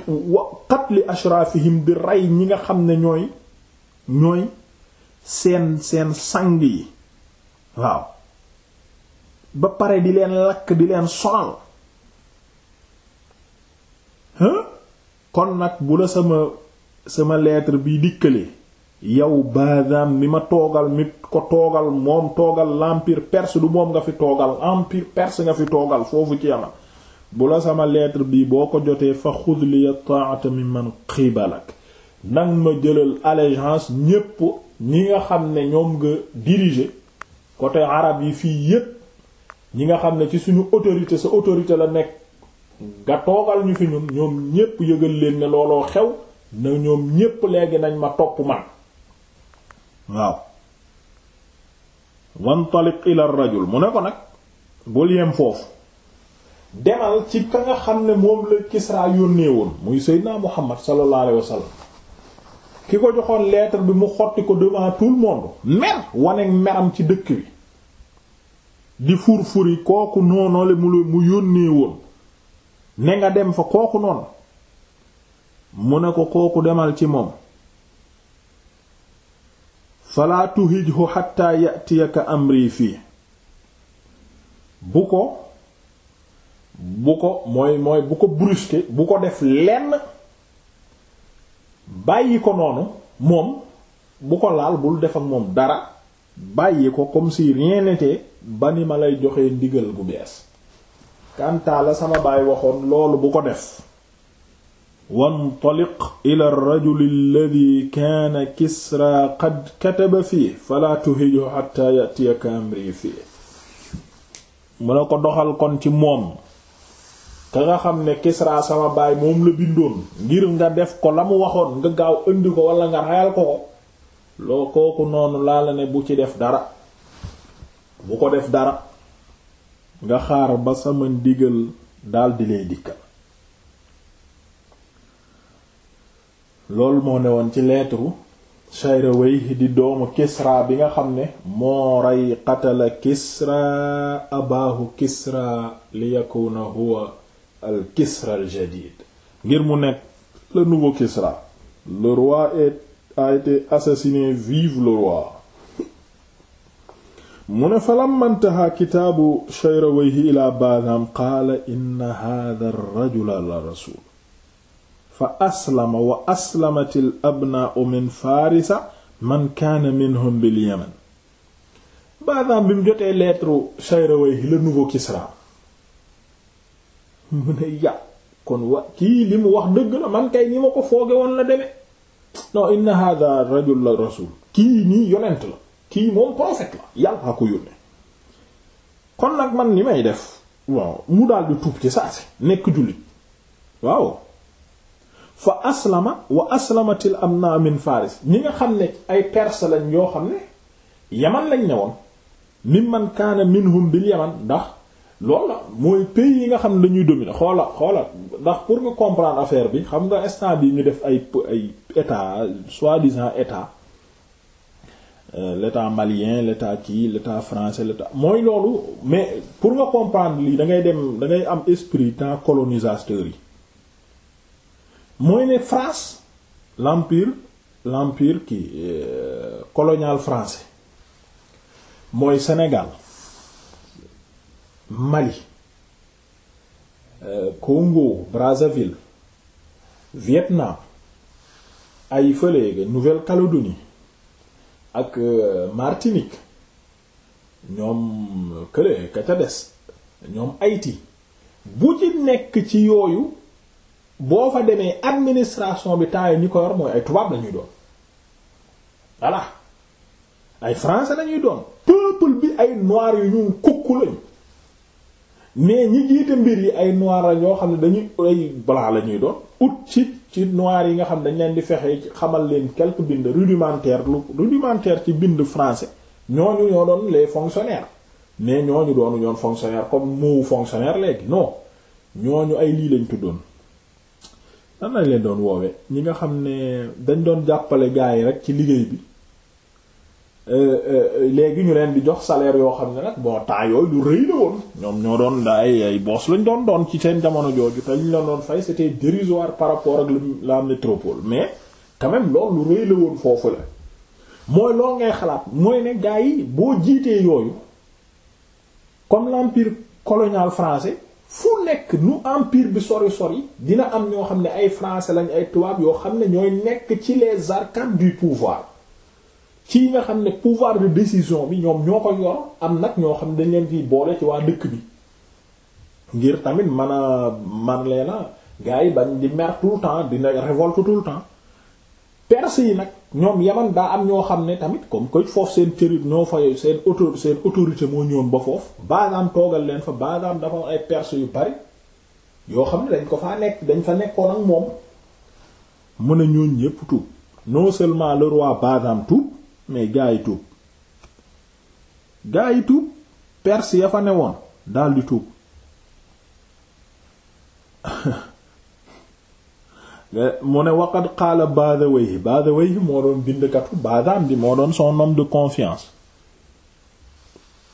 qatli ashrafihim di rey ñi nga xam ne ñooy ñooy seen seen sang yi waaw ba pare di leen lakk di leen sonal hein kon nag bu la sama sama lettre bi dikkalee yow baadam mi ma toogal mi ko toogal moom toogal l'empire perse du moom nga fi toogal empire perse nga fi toogal foofu ci yaman bu la sama lettre bi boo ko jotee fa xud liya ta'ata mimman qibalak nang ma jëlal allégeance ñépp ñi nga xam ne ñoom nga diriger côté arab yi fii yépp ñi nga xam ne ci suñu autorité sa autorité la nekk nga toogal ñu fi ñun ñoom ñépp yëgal leen ne looloo xew na ñoom ñépp léegi nañ ma topp man waaw wantaliq ila rajul mu ne ko nag bul yem foofu demal ci ka nga xam ne moom la Kisra yónnee woon muy Seydina Muhammad sallallahu ki ko joxoon lettre bi mu xotti ko devant tout le mer wane meram ci dëkk bi di fur-furi kooku noonole la mu yónnee woon ne nga dem fa kooku noonu mu ne ko kooku demal ci moom falaa tuhijhu xatta yatiyaka amri fii bu ko bu ko mooy mooy bu ko brusquer bu ko def lenn bàyyi ko noonu moom bu ko laal bul def ak moom dara bàyyi ko comme si rien n'était ba ni ma lay joxee ndigal gu bees kantaa la sama baay waxoon loolu bu ko def wantaliq ila rajuli alladi kaana kisraa qad kataba fii falaa tuhijhu xataa yatiyaka amri fii mu ne ko doxal kon ci moom ka nga xam ne kisraa sama baay moom la bindoon ngir nga def ko la mu waxoon nga gaaw indi ko wala nga reyal ko ko loo kooku noonu laa la ne bu ci def dara bu ko def dara nga xaar ba sama ndigal daldi lay dikkal loolu moo ne woon ci lettre Shayrawayhi di doomu Kisra bi nga xam ne moo rey qatala Kisra abaahu Kisra li yakuna huwa al Kisra al jadid ngir mu nekk le nouveau Kisra le roi est été assassiné vive le roi mu ne fa lamma ntaha kitaabu Shayrawayhi ila Bazam qaala inna hadha ar la rasul fa aslama wa aslamatil abnaa'u min farisa man kaana minhum bil bi mu jotee lettre Shayrawayhi le kon wa kii li mu wax dëgg la man kay ni ma ko fooge woon la demee non inna hadha rajul la rasul kii nii yonent la kii moom prophète la yàlla ko yónnee kon nag man ni may def waaw mu daal di tuub ci saa si nekk jullit waaw fa aslama wa aslamatil amna min faris ñi nga xam ne ay perse lañ yoo xam ne yaman lañ ne woon mimman kaana minhum bil yaman ndax loolu mooy pays yi nga xam ne dañuy dominer xoola xoola ndax pour nga comprendre affaire bi xam nga instant bi ñu def ay ay état soi-disant état euh, l'état malien l'état kii l'état français l'état mooy loolu mais pour nga comprendre lii da ngay dem da ngay am esprit temps colonisateur yi mooy ne France l'empire l'empire kii euh, colonial français mooy senegal Mali euh, Congo Brazzaville Vietnam ay fële Nouvelle-Calédonie ak euh, Martinique ñoom kële ka ca des ñoom Haïti bu ci nekk ci yooyu boo fa demee administration bi temps yi ñi ko yor mooy ay tubaab lañuy doon voilà ay français lañuy doon peuple bi ay noir yu ñun kukku lañu mais ñi jiite mbir yi ay noir la ñoo xam ne dañuy ay blanc la ñuy doon ut si ci noir yi nga xam dañ leen di fexe xamal leen quelque bind rudimentaire lu rudimentaire ci bind français ñooñu ñoo doon les fonctionnaires mais ñu doon ñoon fonctionnaire comme mot fonctionnaire léegi ñoo ñu ay lii lañ tuddoon lan lañ leen doon woowee ñi nga xam ne dañ doon jàppale gaa yi rek ci liggéey bi euh, euh, léegi ñu leen di jox salaire yoo xam ne nag bon temps yooyu lu rëy la woon ñoom ñoo doon ay ay boss lañ doon doon ci seen jamono jooju te ñu la doon fay c'était dérisoire par rapport ak la métropole mais quand même loolu lu rëy la woon foofu la mooy loo ngay xalaat mooy ne gaa yi boo jiitee yooyu comme l'empire colonial français. fu nekk nu empire bi sori sori dina am ñoo xam ne ay français lañ ay tubaab yoo xam ne ñooy nekk ci les arcanes du pouvoir ci nga xam ne pouvoir de décision bi ñoom ñoo ko yor am nag ñoo xam ne dañ leen ciy boole ci waa dëkk bi ngir tamit man a man leena gars yi bañ di mer tout le temps dina révolte tout le temps perse yi nag ñoom yaman daa am ñoo xam ne tamit comme que foofu seen territoire ñoo fa seen auto seen moo ñëwoon ba foofu baadaam toogal leen fa baadaam dafa ay perse yu bari yoo xam ne dañ ko faa nekk dañ fa nekkoon ak moom mu ne ñooñ ñépp tuub non seulement le roi baadaam mais gaa yi tuub gaa yi tuub perse ya fa newoon daldi tuub <laughs> mu ne waqad qaala Badawayh Badawayh moo doon bindkatu Badam bi moo doon son homme de confiance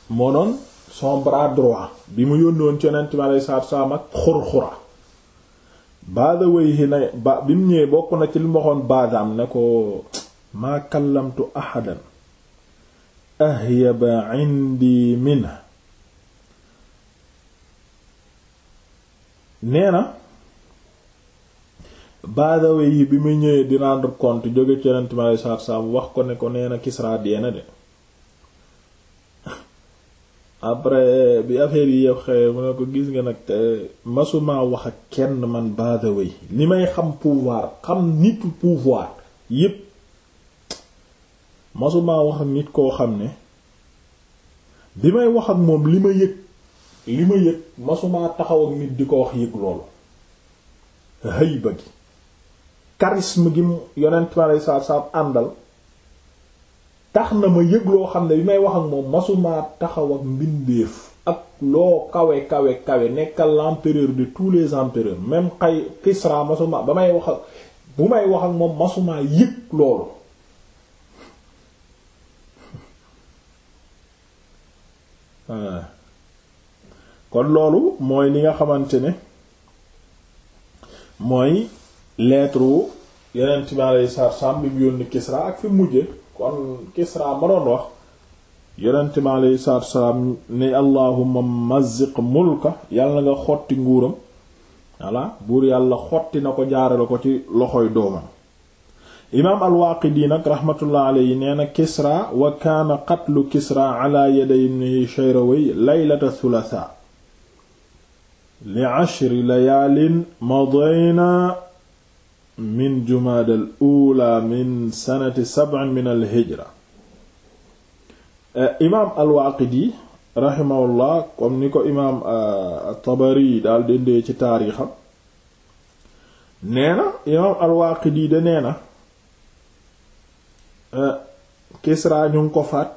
moo doon son bras droit bi mu yónnoon ci yonent mi aleyhi salaatu salaam xurxura Badawayh ne ba bi mu ñëwee bokk na ci li mu waxoon Badam ne ko maa kallamtu ahadan ahyaba indi minhu nee na baadawe yi bi muy ñëwee di rendre compte jóge ci yonent mi wax ko ne ko nee na Kisra na de après bi affaire yi yëpp xewee mu ne ko gis nga nag masuma wax ak kenn man baadawe yi li may xam pouvoir xam nitu pouvoir yépp masuma wax ak nit koo xam ne bi may wax ak moom li ma yëg li ma yëg masuma taxaw ak nit di ko wax yëg loolu hëy ba gi charisme gi mu yonent mi aleyhi salaatu salaam àndal tax na ma yëg loo xam ne bi may wax ak moom masuma taxaw ak mbindeef ak loo kawe kawe kawe nekkal l'empereur de tous les empereurs même xay Kisra masuma ba may wax ak bu may wax ak moom masumaa yëg loolu <laughs> ah. kon loolu mooy li nga xamante ne mooy lettre wu yeneen mi aleyhi salaatu salaam bi mu yónni Kisra ak fi mujje kon Kisra ma doon wax yeneen mi aleyhi salaam ne allahumma mazziq mulka yàlla nga xotti nguuram voilà buur yàlla xotti na ko jaarale ko ci loxoy doomam imaam al-Waaqidi nag rahmatullah alayhi nee na Kisra wa kaana qatlu Kisra yaday ibnihi Shayrawayh laylata thulathaa li layaalin madayna min jumaada al ula min sanati sab'in min al hijra eh, imaam al-Waaqidi rahimahullah comme ni ko imaam at-Tabari eh, daal dendee ci taariixam nee na imaam al-Waaqidi de nee na eh, Kisra ko faat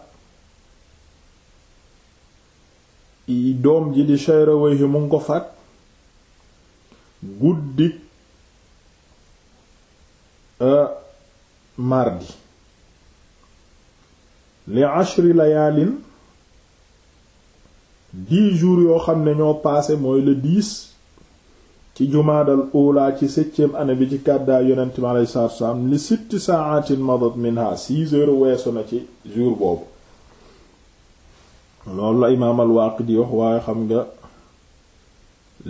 doom ji di Shayrawayhi mu ngi ko faat guddik mardi li ashri layaalin dix jours yoo xam ne ñoo paase mooy le dix ci jumaadal ula ci septième année bi ci kàddaay yonent mi alayhi salaatu salaam li sitti sa'atin madat minha six heures weesu na ci jour boobu loolu la imaam al-Waaqidi wax waaye xam nga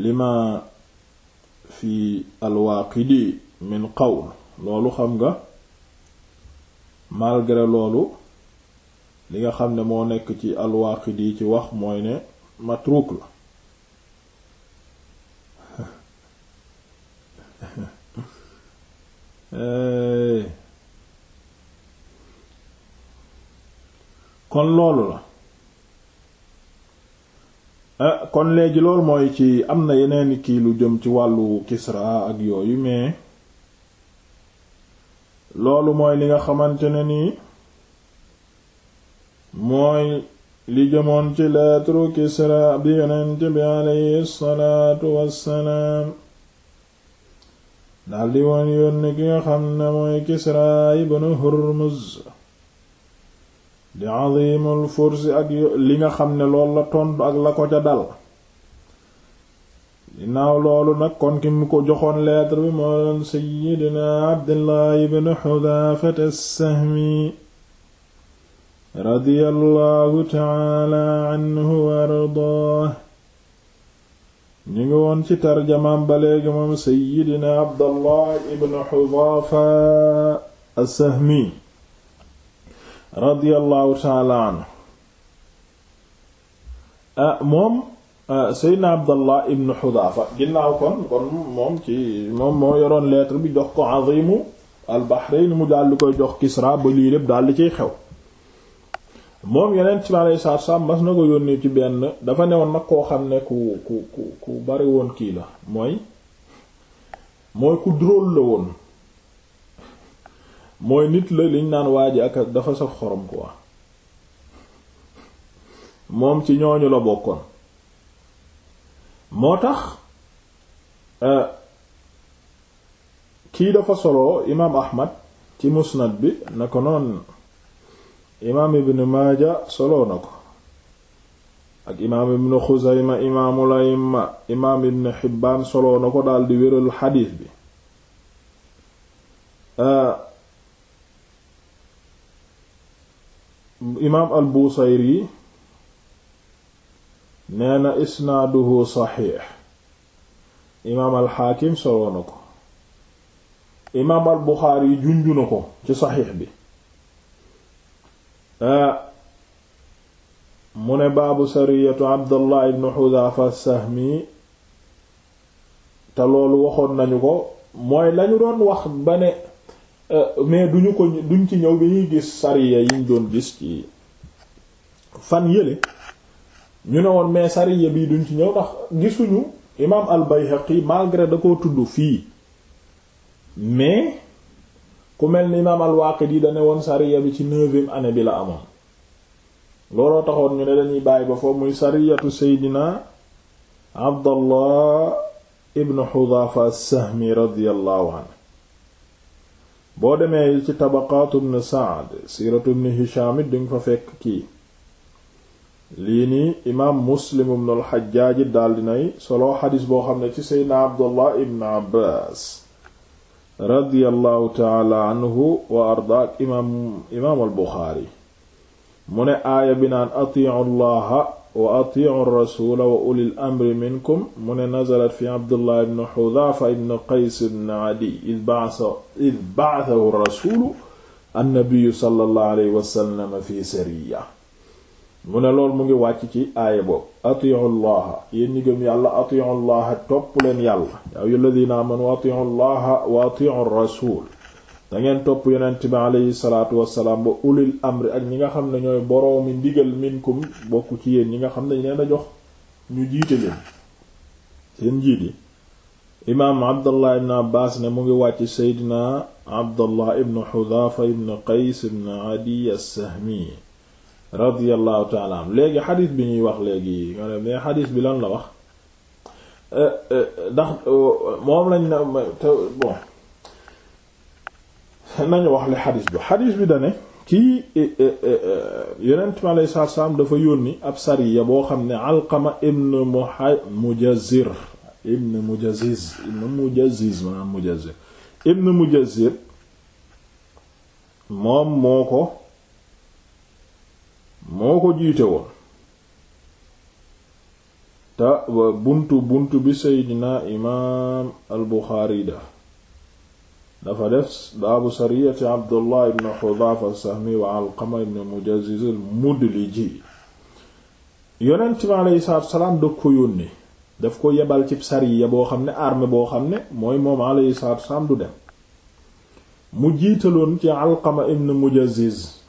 lima fi al-Waaqidi min qawl loolu xam nga malgré loolu li nga xam ne moo nekk ci al-Waaqidi ci wax mooy ne matruk la eh. kon loolu la eh, kon léegi loolu mooy ci am na yeneeni kii lu jëm ci wàllu Kisra ak yooyu mais loolu mooy li nga xamante ne nii mooy li jëmoon ci lettre Kisra bi yonent bi aleyhi salaatu wassalaam daldi woon yónni ki nga xam ne mooy Kisra ibnu Hurmuz di azimul fursi ak li nga xam ne lool la tontu ak la ko ca dal naaw loolu nag kon ki mu ko joxoon lettre bi moo doon seyyidina abdullah ibn xudafat as-sahmi radiyallahu taala anhu wa ardaah ñu woon ci tarjamaam ba moom seyyidina abdullah ibn xudafa as-sahmi radiyallahu taala anhu ah, Euh, Seydina Abdallah ibn Xudaafa ginnaaw kon kon moom ci moom moo yoroon lettre bi jox ko azimu al mu daal di koy jox Kisra ba lii lépp daal li ciy xew moom yeneen ci laalay saar saam mas na ko yónnee ci benn dafa newoon nag koo xam ne ku ku ku bari woon kii la mooy mooy ku drôle la woon mooy nit la liñ naan waa ji ak dafa saf xorom quoi moom ci ñooñu la bokkoon moo tax euh, kii dafa solo imaam Ahmad ci musnad bi na ko noon imaam Ibn Maaja solo na ko ak imaam Ibn Xuzayma imaamul imaam Ibn Xibbaan solo na ko daal di wéral xadiis bi euh, imaam al Busayri nee na isnaaduhu saxiix imaam alxaakim soloo ko imaam al buxaari yi junju ko ci saxiix bi eh, mu ne baabu sariyatu abdullah ibnu xudaafa sahmi te loolu waxoon nañu ko mooy lañu doon wax ba ne eh, mais duñu ko duñ ci ñëw bi ñuy gis sariya yiñ doon gis ci fan yële ñu ne woon mais sariya bii duñ ci ñëw ndax gisuñu imaam al-Bayhaqi malgré da koo tudd fii mais ku mel ni imaam al-Waaqidi da ne woon sariya bi ci neuvième année bi la amoon looloo taxoon ñu ne dañuy bàyyi ba foofu muy sariyatu seydina Abdallah ibn Hudhafa as-Sahmi radiyallahu anhu boo demee ci tabaqaatu ibn Sa'd siiratu ibn Hisham it duñ fa fekk kii lii nii imaam muslim ibn al-Hajjaaj daal dinay solo xadis boo xam ne ci seydna abdullah ibn abbaas radiyallahu taala anhu wa arda imaam imaam al-Buxaari mu ne aaya bi naan atiicu llaha wa atiicu rasula wa ulil amri minkum mu ne nazalat fi abdullah ibn xudaafa ibn qays ibn adi id bacasa id bacasahu rasulu annabiyu sallallahu alayhi wa sallam fi sariya mu ne lool mu ngi wàcc ci aaya boobu atiu llaha yéen ñi gëm yàlla atiu llaha topp leen yàlla yaa ayyuha alladina amanu atiu llaha wa atiu rasul da ngeen topp yonent bi aleyhi salaatu wasalaam ba ulil amri ak ñi nga xam ne ñooy boroomi ndigal minkum bokk ci yéen ñi nga xam ne leen a jox ñu jiite leen seen njiit yi imaam abdallah ibn abbas ne mu ngi wàcc seydina abdallah ibn xudaafa ibn qays ibn adi as radiyallahu taala am léegi xadis bi ñuy wax léegi nga ne mais xadis bi lan la wax euh, euh, ndax euh, moom lañ na te bon nañu wax li xadis bi xadis bi dane kii yonent mi aleyhi salaatu dafa yónni ab sariya boo xam ne alqama ibn muha mujazir ibn mujaziz ibn mujaziz maanaam mujazir ibn mujazir moom moo ko moo ko jiite woon te buntu buntu bi seydina imaam al buxaari def dafa def baabu sariyati abdullah ibn xudaafa as-sahmi wa alqama ibn mujazziz al-mudliji yonent bi aleyhi salaatu salaam da ko yónni daf ko yebal ci sariya boo xam ne armée boo xam ne mooy moom aleyhi salaatu salaam du dem mu jiitaloon ci alqama ibn mujazziz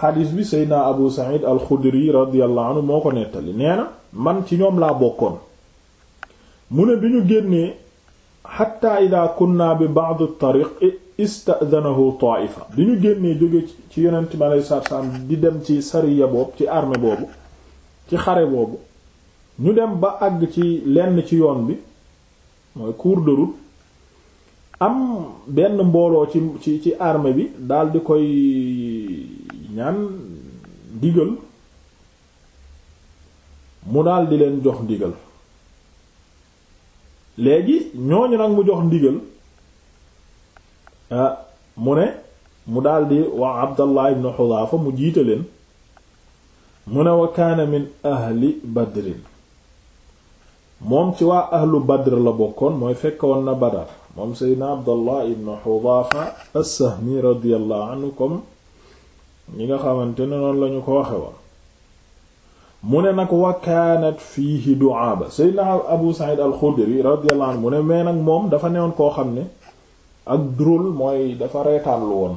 xadiis bi seydna abu sa'id al-xudri radiyallahu moo ko nettali nee man ci ñoom laa bokkoon mu ne bi génnee xatta ida kunna bi ba'd at-tariq istadanahu taaifa bi ñu génnee jóge ci yonent mi alayhi salaatu salaam di dem ci sariya boobu ci arme boobu ci xare boobu ñu dem ba àgg ci lenn ci yoon bi mooy cours am benn mbooloo ci ci arme bi daal di koy ñaan ndigal mu daldi di leen jox ndigal léegi ñooñu nag mu jox ndigal ah, mu ne mu daldi wax Abdallah ibn Hudhafa mu jiite leen mu ne wa kaana min ahli badrin moom ci waa ahlu badr la bokkoon mooy fekkoon na badar moom seydna Abdallah ibn Hudhafa as radiyallahu anhu comme ñi nga xamante ne noonu lañu ko waxe woon mu ne nag wakaanat fiihi du'aba sayyidina abu sa'id al-khudri radiyallahu anhu mu ne mais nag moom dafa newoon koo xam ne ak drôle mooy dafa reetaanlu woon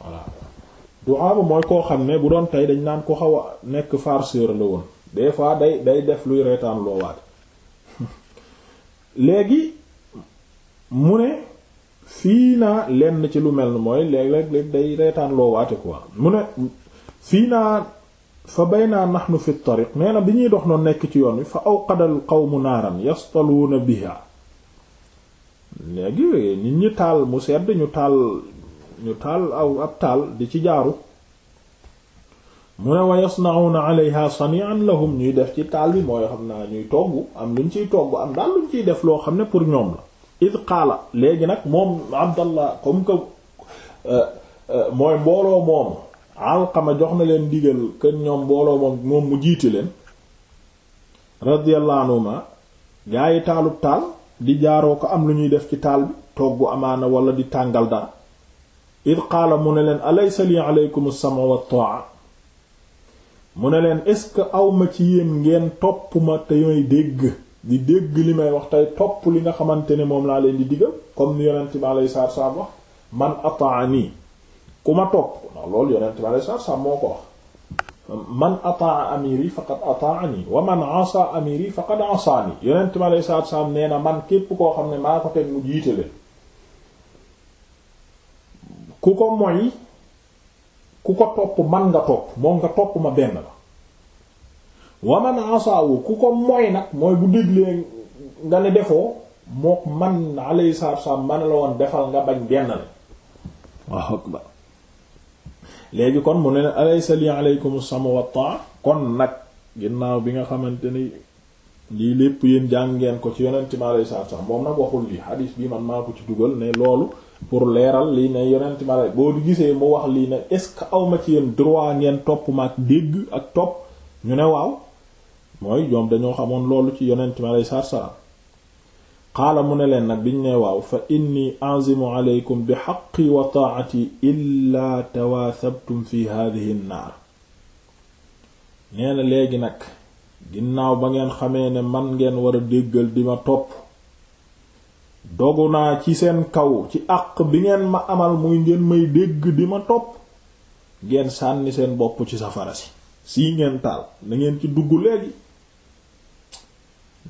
voilà du'aba mooy koo xam ne bu doon tey dañ naan ko xaw a nekk farceur la woon des fois day day def luy reetaanloo waat <laughs> léegi mu ne fii naa lenn ci lu mel ni mooy léeg-léeg day reetaan loo waate quoi mu ne fii naa fa bay naa fi tariq nee na bi ñuy dox noonu nekk ci yoon wi fa aw awqadal qawmu naaran yastaluuna biha léegi nit ñi taal mu sedd ñu taal ñu taal aw ab taal di ci jaaru mu ne wa yasna'una 'alayha sani'an ñuy def ci taal bi mooy xam naa ñuy togg am luñ ciy togg am daal ciy def loo xam ne pour ñoom la id xaala léegi nag moom abdallah comme que euh, euh, mooy mbooloo moomu alqama jox na leen digal kën ñoom mbooloo moom moom mu jiite leen radiyallahu anhuma gaa yi taalub taal di jaaroo ko am lu ñuy def ci taal bi togg amaana wala di tàngal dara id qaala mu ne leen alaysa li aleykum as mu ne leen est-ce que awma ci yéen ngeen topp ma te may dégg di dégg li may wax tey topp li nga xamante ne moom laa leen di digal comme ni yonent bi alayhi salaatu salaam wax man ataani ku ma topp ndax loolu yonent bi alayhi salaatu salaam moo ko wax man ataa amiri faqad ataani wa man asa amiri faqad asaani yonent bi alayhi salaatu salaam nee na man képp koo xam ne maa ko teg mu jiite leen ku ko moy ku ko topp man nga topp moom nga topp ma benn la waman asaawu ku ko mooy nag mooy bu déglee nga ne defoo mook man alayhi salaatu wassalaam man la woon defal nga bañ benn la waaw léegi kon mu ne ne alaysa li alaykum wa ta'a kon nag ginnaaw bi nga xamante ni lii lépp yéen jàngeen ko ci yonent mi alayhi salaatu wassalaam moom nag waxul lii xadiis bi man maa ko ci dugal ne loolu pour leeral lii ne yonent mi alayhi boo di gisee mu wax lii ne est-ce que awma ci yéen droit ngeen topp ma ak dégg ak topp ñu ne waaw mooy ñoom dañoo xamoon loolu ci yonent mi aley salaam qaala mu ne leen nag bi ñu ne waaw fa inni anzimu aleykum bi xaqi wa taati illaa tawaasabtum fi hadihi naar nee léegi nag ginnaaw ba ngeen xamee ne man ngeen war a déggal di ma topp dogu naa ci seen kaw ci àq bi ngeen ma amal muy ngeen may dégg di ma topp ngeen sànni seen bopp ci safara si sii ngeen taal na ngeen ci dugg léegi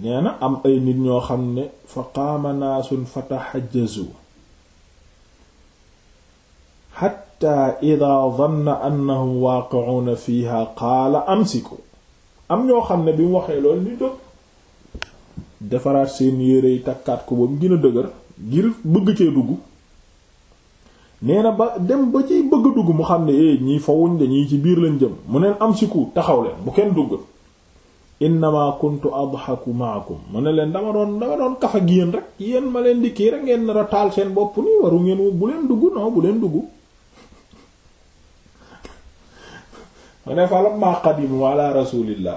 nee na am ay nit ñoo xam ne fa qaama naasun fatahajjazu xatta ida danna annahum waaqicuuna fiiha qaala amsiku am ñoo xam ne bi mu waxee loolu ñu jóg defaraat seen yére yi takkaat ko ba mu gën dëgër ngir bëgg cee dugg nee ba dem ba ci bëgg dugg mu xam ne eh ñii fawuñ de ñii ci biir lañ jëm mu neen amsiku taxaw leen bu kenn dugg innama kuntu adhaku maakum ma ne leen dama doon dama doon kaf ak yéen rek yéen ma leen di rek ngeen nar taal seen bopp nii waru ngeen bu leen dugg non bu leen dugg ma ne fa lamma qadimu ala la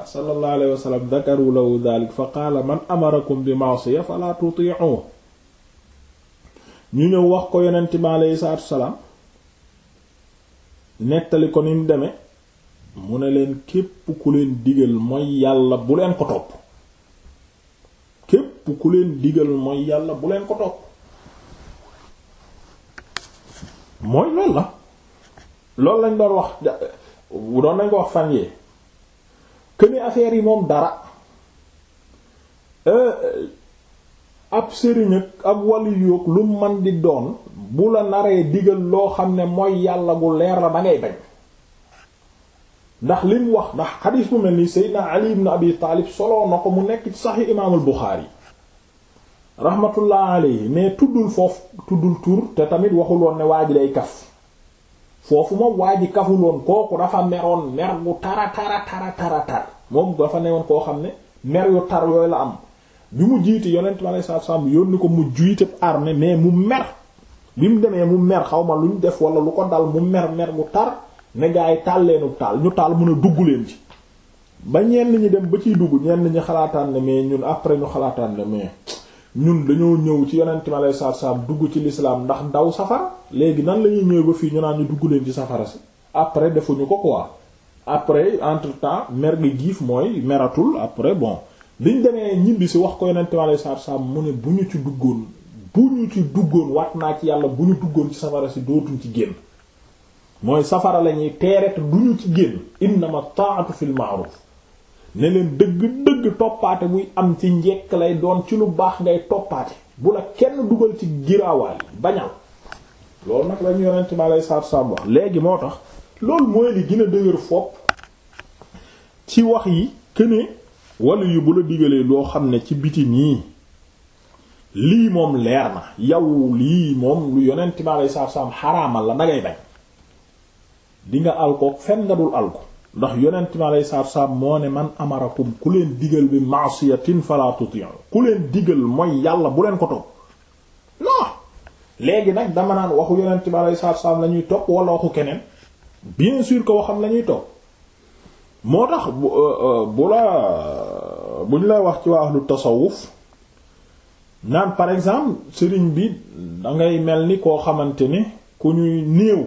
sallallahu alayhi wa sallam dakaru lahu dhalik fa qaala man amarakum ko yonent nettali ko ni mu demee mu ne leen képp ku leen digal mooy yàlla bu leen ko topp képp ku leen digal mooy yàlla bu leen ko topp mooy loolu la loolu lañ doon wax doon nañ ko wax fan yi këni affaire yi moom dara euh, ab sëriñ ak ab wàllu yoog lu man di doon bu la naree digal loo xam ne mooy yàlla gu leer la ba ngay bañ ndax li wax ndax xadiis bu mel ni Seydina Ali ibn Abi Taalib na ko mu nekk sax Sahih Imaamul Buxaari rahmatullah alayhi mais tuddul foofu tuddul tur te tamit waxul woon ne waaj lay day kaf foofu moom waa ji kaful kooku dafa meroon mer bu tara tara tara tara tar moom dafa koo xam ne mer yu tar la am bi mu jiite yonent ma ko mu jiite armée mais mu mer bi mu demee mu mer xaw ma lu ñu def wala lu ko dal mu mer mer bu tar ne gaa yi taal leenu taal ñu taal mun a dugg leen ci ba ñenn ñi dem ba ciy dugg ñenn ñi xalaataan ne mais ñun après ñu xalaataan ne mais ñun dañoo ñëw ci yonent mi alayhi salaatu dugg ci l'islam ndax daw safara léegi nan la ñuy ñëw ba fii ñu naan ñu dugg leen ci safara si après defuñu ko quoi après entre temps mer gi mooy meratul après bon liñ demee ñibbi si wax ko yonent mi alayhi salaatu salaam mu ne bu ñu ci duggoon bu ñu ci duggoon wat naa ci yàlla bu ñu duggoon ci safara si dootuñ ci génn. mooy safara la ñuy teeret duñu ci génn innama taatu fil ma'ruf ne dëgg-dëgg toppaate buy am ci njekk lay doon ci lu baax ngay toppaate bu la kenn dugal ci giraawaay bañal loolu nag lañu yonent ma lay saatu saab wax léegi moo tax loolu mooy li gën a dëgër fopp ci wax yi këne walla yu bu la digalee loo xam ne ci biti nii lii moom leer na yow lii moom lu yonent ma lay saatu saab xaraamal la dangay bañ di nga alkook fen nga dul alko ndax yonent mi aleyhi salaatu salaam moo ne man amarakum ku leen digal bi ma'siyatin fala tuti'u ku leen digal mooy yàlla bu leen ko topp non léegi nag dama naan waxu yonent mi aleyhi salaatu salaam la ñuy topp wala waxu keneen bien sûr que waxam la ñuy moo tax bu euh, euh, bu ñu lay wax ci wax lu tasawuf naan par exemple sëriñ bi da ngay mel ni koo xamante ni ku ñuy néew.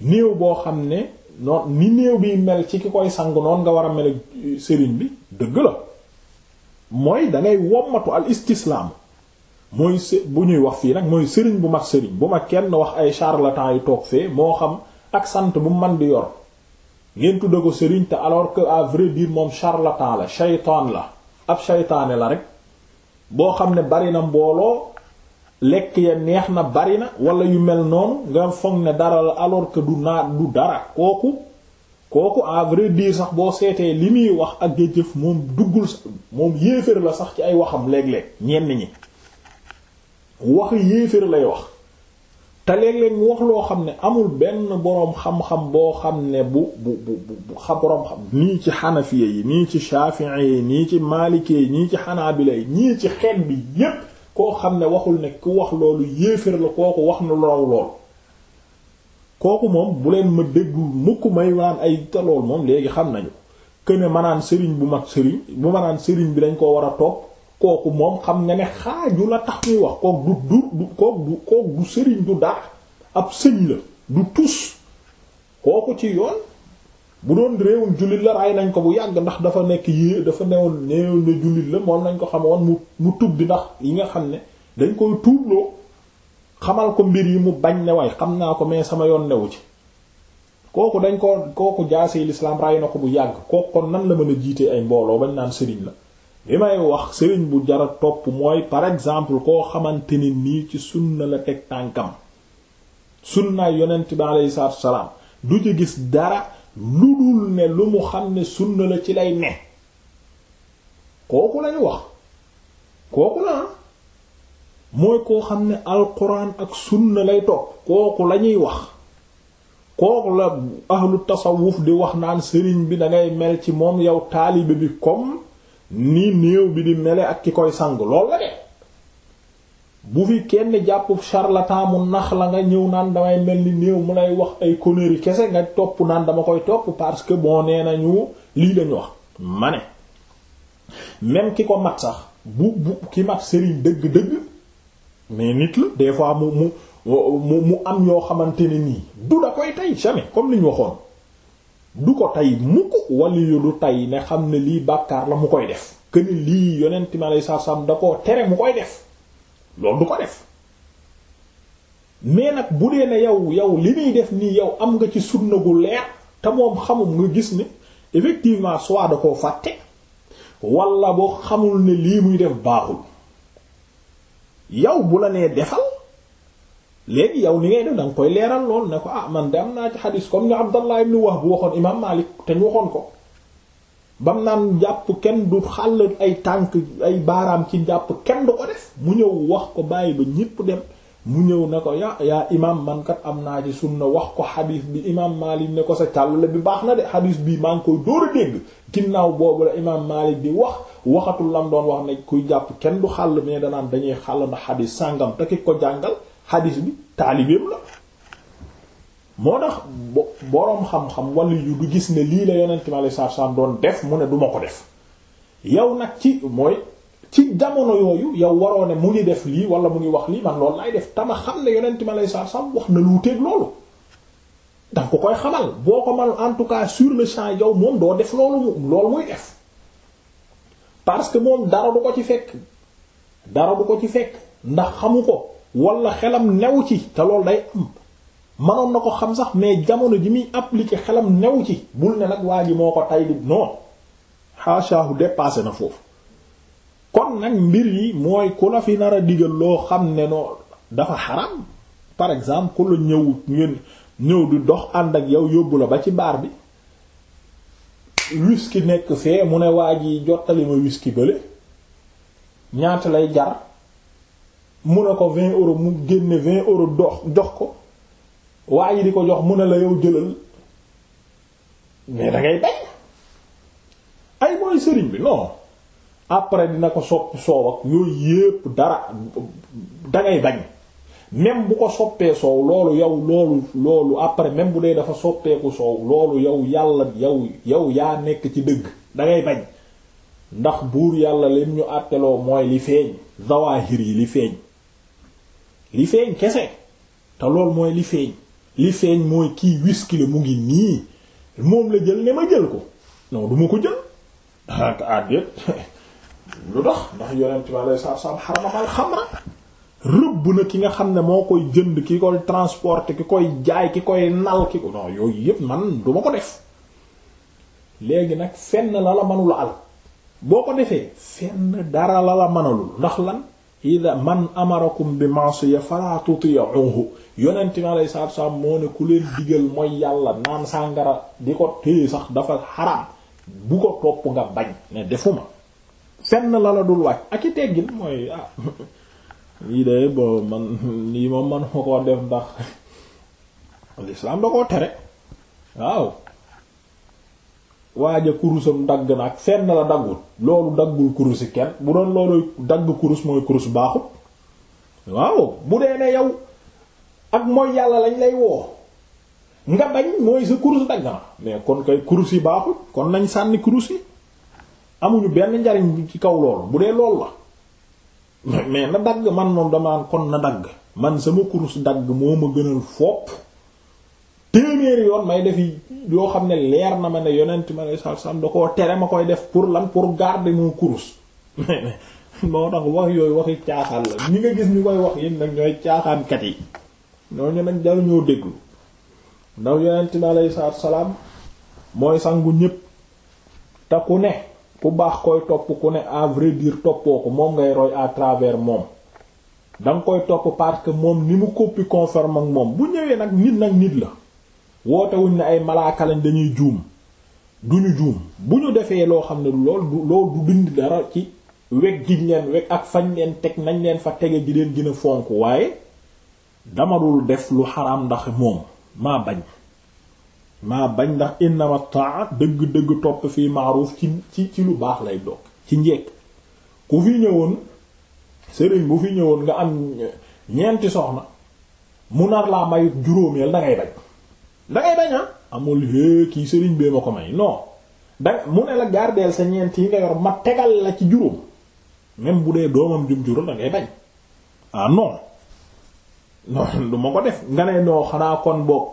néew boo xam ne noon ni néew bi mel ci ki koy sangu noonu nga war a mel ak euh, sëriñ bi dëgg la mooy dangay wommatu al istislaam mooy së ñuy wax fii nag mooy sëriñ bu mag sëriñ bu ma kenn wax ay charlatan yu toog fee moo xam ak sant bu man di yor ngeen tudde ko sëriñ te alors que à vrai dire moom charlatan la shaytaan la ab shaytaane la rek boo xam ne bari na mbooloo lekk ya neex na bari na wala yu mel noonu nga foog ne dara la alors que du naa du dara kooku kooku à vrai sax boo seetee li muy wax ak jëf moom duggul moom yéeféer la sax ci ay waxam léeg-léeg ñenn ñi waxi yéeféer lay wax te léeg-léeg mu wax loo xam ne amul benn boroom xam-xam boo xam ne bu bu bu bu xam boroom xam nii ci xanafiya yi nii ci shafi'i yi nii ci maalikee yi nii ci xanaabila yi nii ci xeet bi yépp koo xam ne waxul ne ku wax loolu yéeféer la kooku wax na raw lool kooku moom bu leen ma déggul mukk may waan ay te moom léegi xam nañu que manaan sëriñ bu mag sëriñ bu manaan sëriñ bi dañ koo war a topp kooku moom xam nga ne xaaju la tax muy wax kook du du kook du kook du sëriñ du dara ab sëñ la du tus kooku ci yoon bu doon réewum jullit la ray nañ ko bu yàgg ndax dafa nekk yée dafa newoon neewoon na jullit la moom nañ ko xamoon mu mu tub bi ndax yi nga xam ne dañ koy tuubloo xamal ko mbir yi mu bañ ne way xam naa ko mais sama yoon newu ci kooku dañ ko kooku jaasee lislaam ray na ko bu yàgg kooku kon nan la mën a jiitee ay mbooloo bañ naan sëriñ la li may wax sëriñ bu jara topp mooy par exemple koo xamante ni nii ci sunna la teg tànkam sunnaay yonent bi aleyhi salaatu du ci gis dara lu dul ne lu mu xam ne sunna la ci lay ne kooku lañu wax kooku la ah. mooy koo xam ne alquran ak sunna lay toog kooku lañuy wax kooku la ahlu tasawuf di wax naan sëriñ bi dangay mel ci moom yow taalibe bi comme ni néew bi di mele ak ki koy sang lool la de bu fi kenn jàpp charlatan mu nax la nga ñëw naan damay mel ni néew mu lay wax ay conneries kese nga topp naan dama koy topp parce que moo nee nañu lii lañu wax ma ne même ki ko mat sax bu bu ki mat sëriñ dëgg-dëgg mais nit la des fois mu mu mu am yoo xamante ne nii du da koy tey jamais comme li ñu waxoon du ko tey mukk wali yu du tey ne xam ne lii bàkkaar la mu koy def que ni lii yonent ma alayhi salaam da ko tere mu koy def. loolu du ko def mais nag bu dee ne yow yow li muy def nii yow am nga ci sunna gu leer te moom xamum nga gis ni effectivement soit da koo fàtte wala boo xamul ni lii muy def baaxul yow bu la nee defal léegi yow ni ngay def danga koy leeral lool ne ko ah man de am naa ci xadis comme ni Abdallah wax bu waxoon imaam Maalik te ñu waxoon ko bam naan jàpp kenn du xàll ay tànk ay baaraam ci jàpp kenn du ko def mu ñëw wax ko bàyyi ba ñépp dem mu ñëw ne ko ya yaa imam man kat am naa ci sunna wax ko xadiis bi imam Maalik ne ko sa càll la bi baax na de xadiis bi maa ngi koy dóor a dégg ginnaaw boobu la imam Maalik di wax waxatul lam doon wax ne kuy jàpp kenn du xàll mais danaan dañuy xàll na xadiis sàngam te ki ko jàngal xadiis bi taalibeem la moo tax boroom xam-xam wala yu du gis ne lii la yonent ma alayhi salaatu doon def mu ne du ma ko def yow nag ci mooy ci jamono yooyu yow waroo ne mu ngi def lii wala mu ngi wax lii man loolu laay def tama xam ne yonent ma lay salaatu salaam wax na lu teeg loolu danga ko koy xamal boo ko man en tout cas sur le champ yow moom doo def loolu loolu muy def parce que moom dara du ko ci fekk dara du ko ci fekk ndax xamu ko wala xelam new ci te loolu day manoon na ko xam sax mais jamono ji muy appliquer xelam new ci bul ne nag waa ji moo ko tay di non xaasaahu dépassé na foofu kon nag mbir yi mooy ku la fi nar a digal loo xam ne noo dafa xaram par exemple ku la ñëw ngeen ñëw di dox ànd ak yow yóbbu la ba ci baar bi whisky nekk fee mu ne waa ji jottali ma whisky bële ñaata lay jar mu ne ko vingt euros mu génne vingt euros dox jox ko waa yi di ko jox mu ne la yow jëlal mais da bañ ay mooy sëriñ bi non après dina ko soppi soow ak yooyu yépp dara da ngay bañ même bu ko soppee soow loolu yow loolu loolu après même bu dee dafa soppeeku soow loolu yow yàlla yow yaa nekk ci dëgg da ngay bañ ndax buur yàlla lim ñu àtteloo mooy li feeñ zawahir yi li feeñ li feeñ kese te loolu mooy li feeñ li feeñ mooy kii wiski la mu ngi nii moom la jël ne ma jël ko non du ko jël ak ah, àddeet <laughs> lu tax ndax yonent bi ki nga xam ne moo koy jënd ki koy transporter ki koy jaay ki koy nal ki yooyu yëpp man duma ko def léegi nag fenn la la mënula al boo ko defee fenn dara la la mënalul ndax lan ida man amarakum bi ma'siya fala tuti'uhu yonent mi alayhi salaatu salaam moo ne ku leen digal mooy yàlla naan sàngara di ko téye sax dafa xaraam bu ko topp nga bañ ne defuma fenn la la dul wàcc ak i teggin mooy ah <laughs> de bo man lii moom man ma koo def ndax <laughs> l'islam da koo tere waaw waa waaja kurusam dagg na ak fenn la daggul loolu daggul kurusi kenn bu doon loolu dagg kurus mooy kurus baaxut waaw bu dee ne yow ak mooy yàlla lañ lay woo nga bañ mooy sa kurus dagg na mais kon kay kurus yi baaxut kon nañ sànni kurus yi amuñu benn njariñ ci kaw loolu bu dee loolu la mais na dagg man moom damaan kon na dagg man sama kurus dagg moo ma gënal fopp téeméeri yoon may defi yoo xam ne leer na ma ne yonent ma ne sarsam da koo tere ma koy def pour lan pour garder mon kurus <laughs> moo tax wax yooyu waxi caaxaan la ñi nga gis ñu koy wax yéen nag ñooy caaxaankat yi ñooñu nag jaru ñoo déglu ndaw yonent bi aleyhi salaatu salaam mooy sangu ñépp te ku ne ku baax koy topp ku ne à vrai dire toppoo ko moom ngay roy à travers moom danga koy topp parce que moom ni mu copie conforme ak moom bu ñëwee nag nit nag nit la wootewuñ ne ay malaaka lañ dañuy juum duñu juum bu ñu defee loo xam ne lool du lool du dindi dara ci weg giñ leen weg ak fañ leen teg nañ leen fa tege ji leen gën a fonk waaye dama dul def lu xaram ndax moom maa bañ maa bañ ndax innama taa dëgg-dëgg topp fii maaruuf ci ci ci lu baax lay dog ci njekk ku fi ñëwoon sëriñ bu fi ñëwoon nga am ñeenti soxna mu nar laa mayut juróomeel da bañ da ngay ah. amul hé eh, kii sëriñ bee ma ko may non da mu ne la gardeel sa ñeent yi nga yor ma tegal la ci juróom même bu dee doomam jum juróom da ngay bañ ah non <laughs> ma ko def nga ne non xanaa kon boog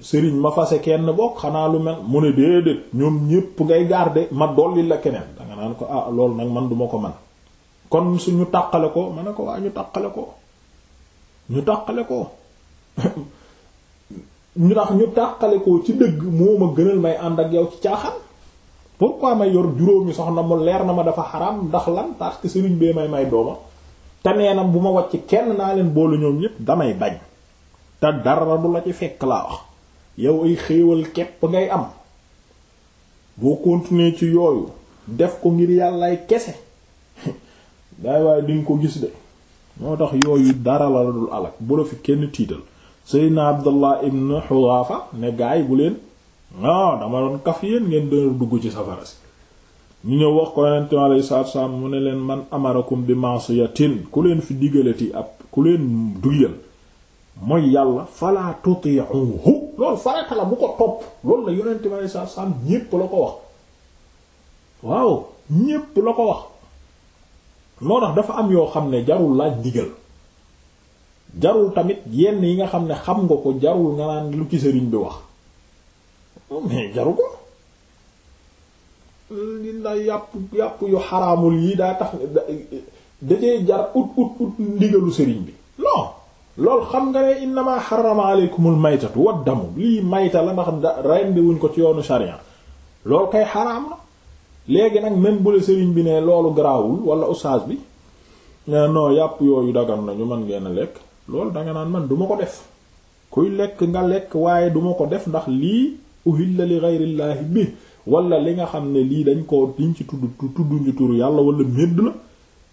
sëriñ ma fase kenn boog xanaa lu mel mu ne déedéet ñoom ñépp ngay garder ma dolli la keneen danga naan ko ah loolu nag man duma ko man kon suñu tàqale ko ma ne ko waa ñu tàqale ko ñu tàqale ko <laughs> ñu ndax ñu tàqale ko ci dëgg moo ma gënal may ànd ak yow ci caaxaan pourquoi may yor juróomi soxna mu leer na ma dafa xaraam ndax lan parce que sëriñ bee may may dooma te neenam bu ma wàcc kenn naa leen boolu ñoom ñépp damay bañ te dara du la ci fekk laa wax yow ay xéewal képp ngay am boo continuer ci yooyu def ko ngir yàllaay kese <laughs> daay waaye dinga ko gis de moo tax yooyu dara la dul alak bu la fi kenn tiital Seydina Abdallah ibn Xudaafa ne gaay bu leen non ah, dama doon kaf yéen ngeen doon dugg ci safara si ñu ñëw wax ko yonent mi mu ne leen man amarakum bi ma'siyatin ku leen fi digalati ab ku leen duyal mooy yàlla fala tuti'uhu loolu farata la bu ko topp loolu la yonent mi alayhi salaatu wa ñépp la ko wax waaw ñépp la ko wax moo tax dafa am yoo xam ne jarul laaj digal jarul tamit yenn yi nga xam ne xam nga ko jarul nga naan lu ci sëriñ bi wax mais jaru ko li la yàpp yàpp yu xaraamul yi daa tax da dee jar ut ut ut ndigalu sëriñ bi non loolu xam nga ne innama xarama aleykumul maytatu wa damu lii mayta la ndax da ko ci yoonu sharia loolu kay xaraam la léegi nag même bu la sëriñ bi ne loolu garaawul wala oustaz bi non yàpp yooyu dagan nañu mën ngeen a lekk loolu danga naan man duma ko def kuy lekk nga lekk waaye duma ko def ndax lii uhilla li ghayrillaahi bi walla li nga xam ne lii dañ ko liñ ci tudd tudd ñu turu yàlla wala médd la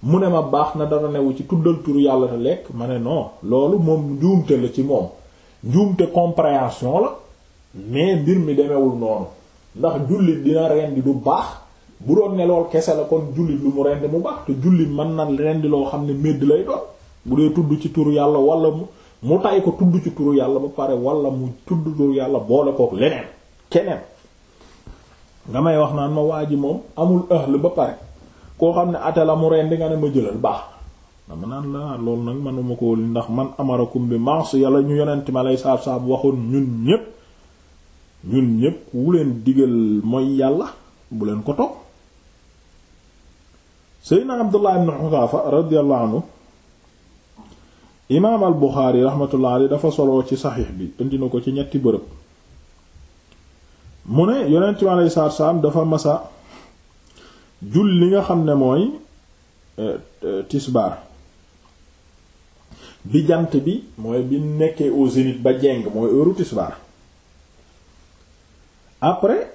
mu ne ma baax na dara newu ci tuddal tur yàlla te lekk ma ne non loolu moom njuumte la ci moom njuumte compréhension la mais mbir mi demewul noonu ndax jullit dina rendi du baax bu doon ne lool kese la kon jullit lu mu rendi mu baax te jullit mën na rendi loo xam ne médd lay doon bu dee tudd ci turu yàlla wala mu tay ko tudd ci turu yàlla ba pare walla mu tudd turu yàlla boole kook leneen keneen nga may wax naan ma waa ji moom amul ahl ba pare koo xam ne atala mu rendi nga ne ma jëlal baax dama naan la loolu nag manuma ko li ndax man amarakum bi mars yàlla ñu yonent ma lay saab saab waxoon ñun ñépp ñun ñépp wu leen digal mooy yàlla bu leen ko toog Seydina Abdullah ibn Hudhafa radiyallahu anhu imaam al Buxaari rahmatullah alayhi dafa solo ci saxiix bi indi na ko ci ñetti bërëb mu ne yonent mi alayhi dafa masa jul li nga xam ne mooy euh, euh, tisbaar bi jant bi mooy bi nekkee au zénith ba jeng mooy heure tisbaar après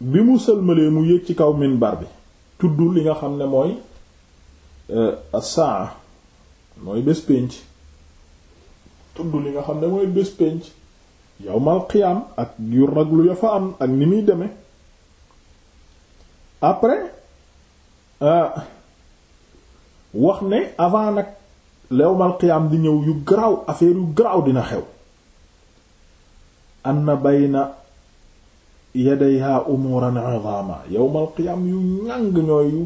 bi mu sëlmalee mu yéeg ci kaw minbar bi tudd li nga xam ne mooy euh, as mooy bés pénc tudd li nga xam ne mooy bés pénc yawmal qiyaam ak yu raglu ya fa am ak ni muy demee après euh, wax ne avant nag yawmal qiyaam di ñëw yu garaaw affaire yu garaaw dina xew anna bayna yadayha umuran azama yawmal qiyaam yu ñàng ñooy yu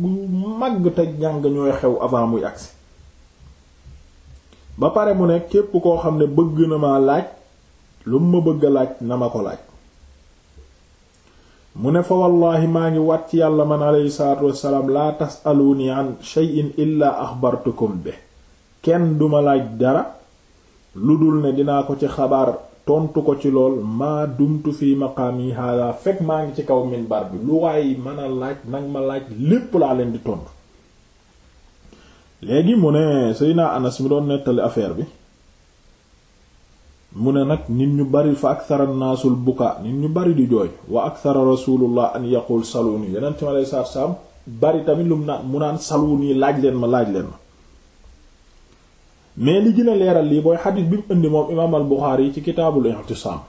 màgg te ñàng ñooy xew avant muy agsi ba pare mu ne képp koo xam ne bëgg na ma laaj lu mu ma bëgg laaj na ma ko laaj mu ne fa wallaahi maa ngi wat ci yàlla man aleyhi salaatu wassalaam laa tasaluuni an shay'in illaa axbartukum be kenn duma laaj dara lu dul ne dinaa ko ci xabaar tontu ko ci lool maa dumtu fi maqaami haadaa fekk maa ngi ci kaw minbar bi lu waaye mën laaj nag ma laaj lépp laa leen di tontu léegi mu ne Seydina Anas mi doon nettali affaire bi mu ne nag nit ñu bari fa akthara naasul buka nit ñu bari di jooy wa akthara rasulullah an yaqul saluni yeneent mi alei saatu salaam bari tamit lu mu naan mu naan saluni laaj leen ma laaj leen ma mais li gën leeral lii booy xadis bi mu indi moom imaam al yi ci kitaabul i'tisaam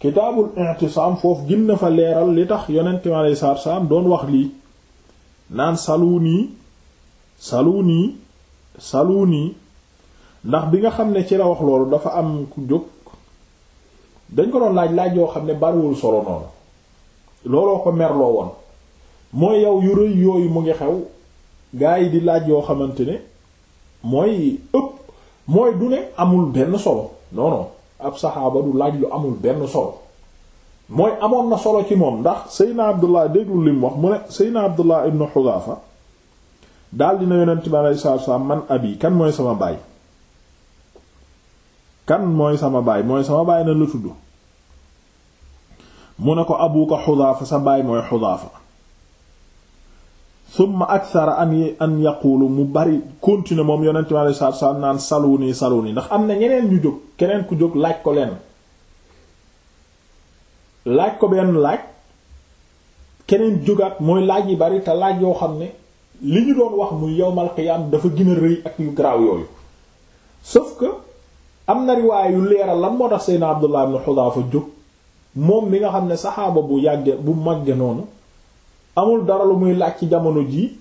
kitaabul i'tisaam foofu gën na fa leeral li tax yonent mi alei saatu doon wax lii naan saluni saluni saluni ndax bi nga xam ne ci la wax loolu dafa am ku jóg dañ ko doon laaj laaj yoo xam ne bariwul solo noonu looloo ko merloo woon mooy yow yu rëy yooyu mu ngi xew gaa yi di laaj yoo xamante ne mooy ëpp mooy du ne amul benn solo non non ab saxaaba du laaj lu amul benn solo mooy amoon na solo ci moom ndax Seydina Abdullah déglu li wax mu ne Seydina Abdullah ibn Hudhafa daal dina yonent bi alayhi salaatu salaam man abi kan mooy sama baay kan mooy sama baay mooy sama baay na lu tudd mu ne ko abuka xudaafa sa baay mooy xudaafa summa akthara an an yaqulu mu bari continuer moom yonent bi alayhi salaatu salaam naan saluni saluni ndax am na ñeneen ñu jóg keneen ku jóg laaj ko leen laaj ko benn laaj keneen jógaat mooy laaj yi bari te laaj yoo xam ne li ñu doon wax muy yowmal qiyaam dafa gën a rëy ak yu garaaw yooyu sauf que am na riwaay yu leeral lan moo tax Seydina Abdullah ibn Hudhafa jóg moom mi nga xam ne saxaaba bu yàgge bu màgge noonu amul dara lu muy laaj ci jamono ji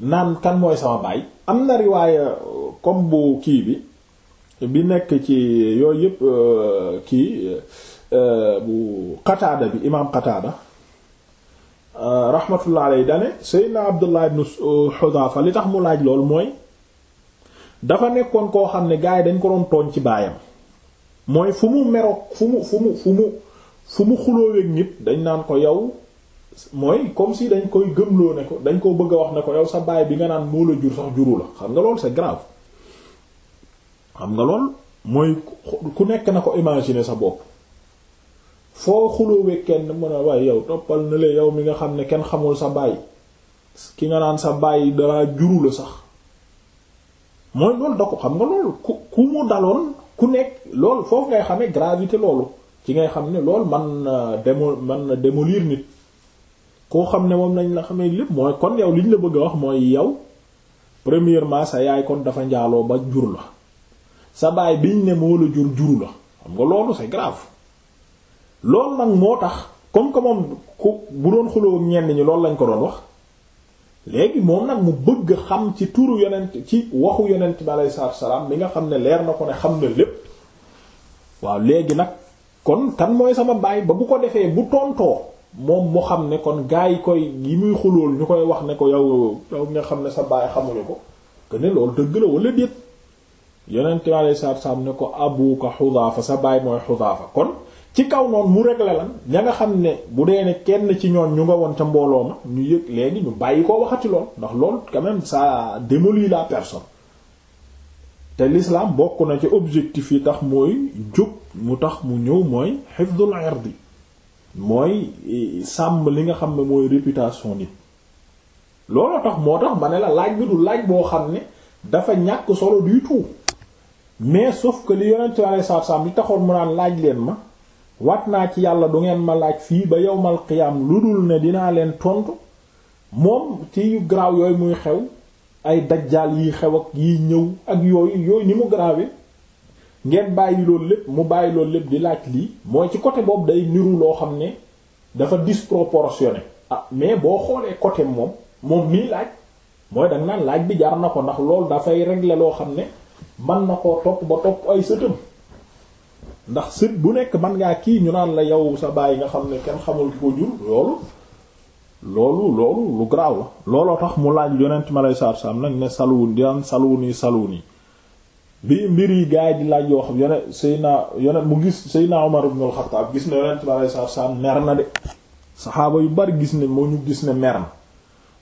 naan kan mooy sama baay am na riwaaya euh, comme bu kii bi bi nekk ci yooyu yëpp euh, kii euh, bu Qataada bi imaam Qataada Euh, rahmatullah alayhi dane Seydina Abdullah ibn Hudhafa li tax mu laaj lool mooy dafa nekkoon koo xam ne gars yi dañ ko doon tooñ ci baayam mooy fu mu meroog fu mu fu mu fu mu fu mu xulóoweeg nit dañ naan ko yow mooy comme si dañ koy gëmloo ne ko dañ ko bëgg a wax ne ko yow sa baay bi nga naan moo la jur sax juru la xam nga lool c'est grave xam nga lool mooy ku nekk na ko imaginer sa bopp foo xulóowee kenn mën a waaye yow toppal na la yow mi nga xam ne kenn xamul sa baay ki nga naan sa baay dalaa juru la sax mooy loolu xam nga loolu ku nekk loolu foofu ngay xamee gravité loolu ci ngay xam ne loolu man na démo man na démolir nit koo xam ne moom lañ la xamee lépp mooy kon liñ la bëgg a wax mooy yow premièrement sa yaay kon dafa njaaloo ba jur la sa baay biñ ne moo la jur juru la xam nga loolu c'est grave loolu nag moo tax comme que moom ku bu doon xuloo ñenn ñi loolu lañ ko doon wax léegi moom nag mu bëgg xam ci turu yonent ci waxu yonent bi alayhi salaatu salaam mi nga xam ne leer na ko ne xam na lépp waaw léegi nag kon kan mooy sama baay ba bu ko defee bu tontoo moom mu xam ne kon gaa yi koy yi muy xulool ñu koy wax ne ko yow yow nga xam ne sa baay xamuñu ko que ne loolu dëgg la wala déet yonent bi alayhi salaatu salaam ne ko abuka fa sa baay mooy Xudaafa kon. ci kaw noonu mu régler lan ña nga xam ne bu dee ne kenn ci ñoon ñu nga woon ca mbooloo ma ñu yëg léegi ñu bàyyi koo waxati lool ndax lool quand même ça démolit la te lislaam bokk na ci objectif yi tax mooy jóg mu tax mu ñëw mooy hifdul irdi mooy sàmm li nga xam ne mooy réputation nit looloo tax moo tax ma ne la laaj bi du laaj boo xam ne dafa ñàkk solo du tout mais sauf que li yonent ci alei satu taxoon mu naan laaj leen ma wat naa ci yàlla du ngeen ma laaj fii ba yowmal qiyaam lu dul ne dinaa leen tontu moom ci garaaw yooyu muy xew ay dajjaal yi xew ak yiy ñëw ak yooyu yooyu ni mu garaawe ngeen bàyyi loolu lépp mu bàyyi loolu lépp di laaj lii mooy ci côté boobu day niru loo xam ne dafa disproportionné ah mais boo xoolee côté moom moom mii laaj mooy danga naan laaj bi jaar na ko ndax loolu dafay régler loo xam ne mën na ko topp ba topp ay sëtëm ndax sët bu nekk man ngaa kii ñu naan la yow sa baay nga xam ne kenn xamul ki ko jur loolu loolu lu garaaw la looloo tax mu laaj yonent ma lay saar saam nag ne saluun di naan saluun yi saluun yi bi mbir yi gaay di laaj yoo xam yonent Seydina yonent mu gis Seydina Umar ibn al-Khattab gis ne yonent ma lay saar saam mer na de saxaaba yu bari gis ne moo ñu gis ne mer na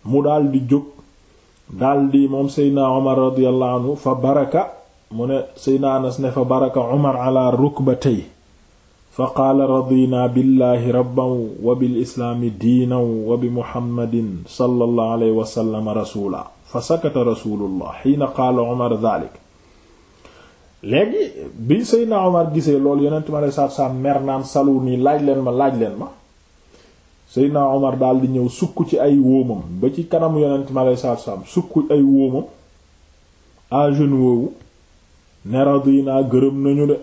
mu daal di jóg daal di moom Seydina Umar radiyallahu anhu fa baraka mu ne Seydina Anas ne fa baraka Umar ala rukbatay fa qaala radina billaahi rabban wa bil islaami diinan wa bi muhammadin sallallahu alayhi wa rasuula fa sakata rasulullah xiina qaala Umar daalik gisee loolu yonent ma lay saaf laaj leen ma laaj leen ma Seydina Umar daal di ñëw sukk ci ay wóomam ba ci kanam yonent ma lay saaf saaf sukk ay wóomam à woowu. ne radina gërëm nañu de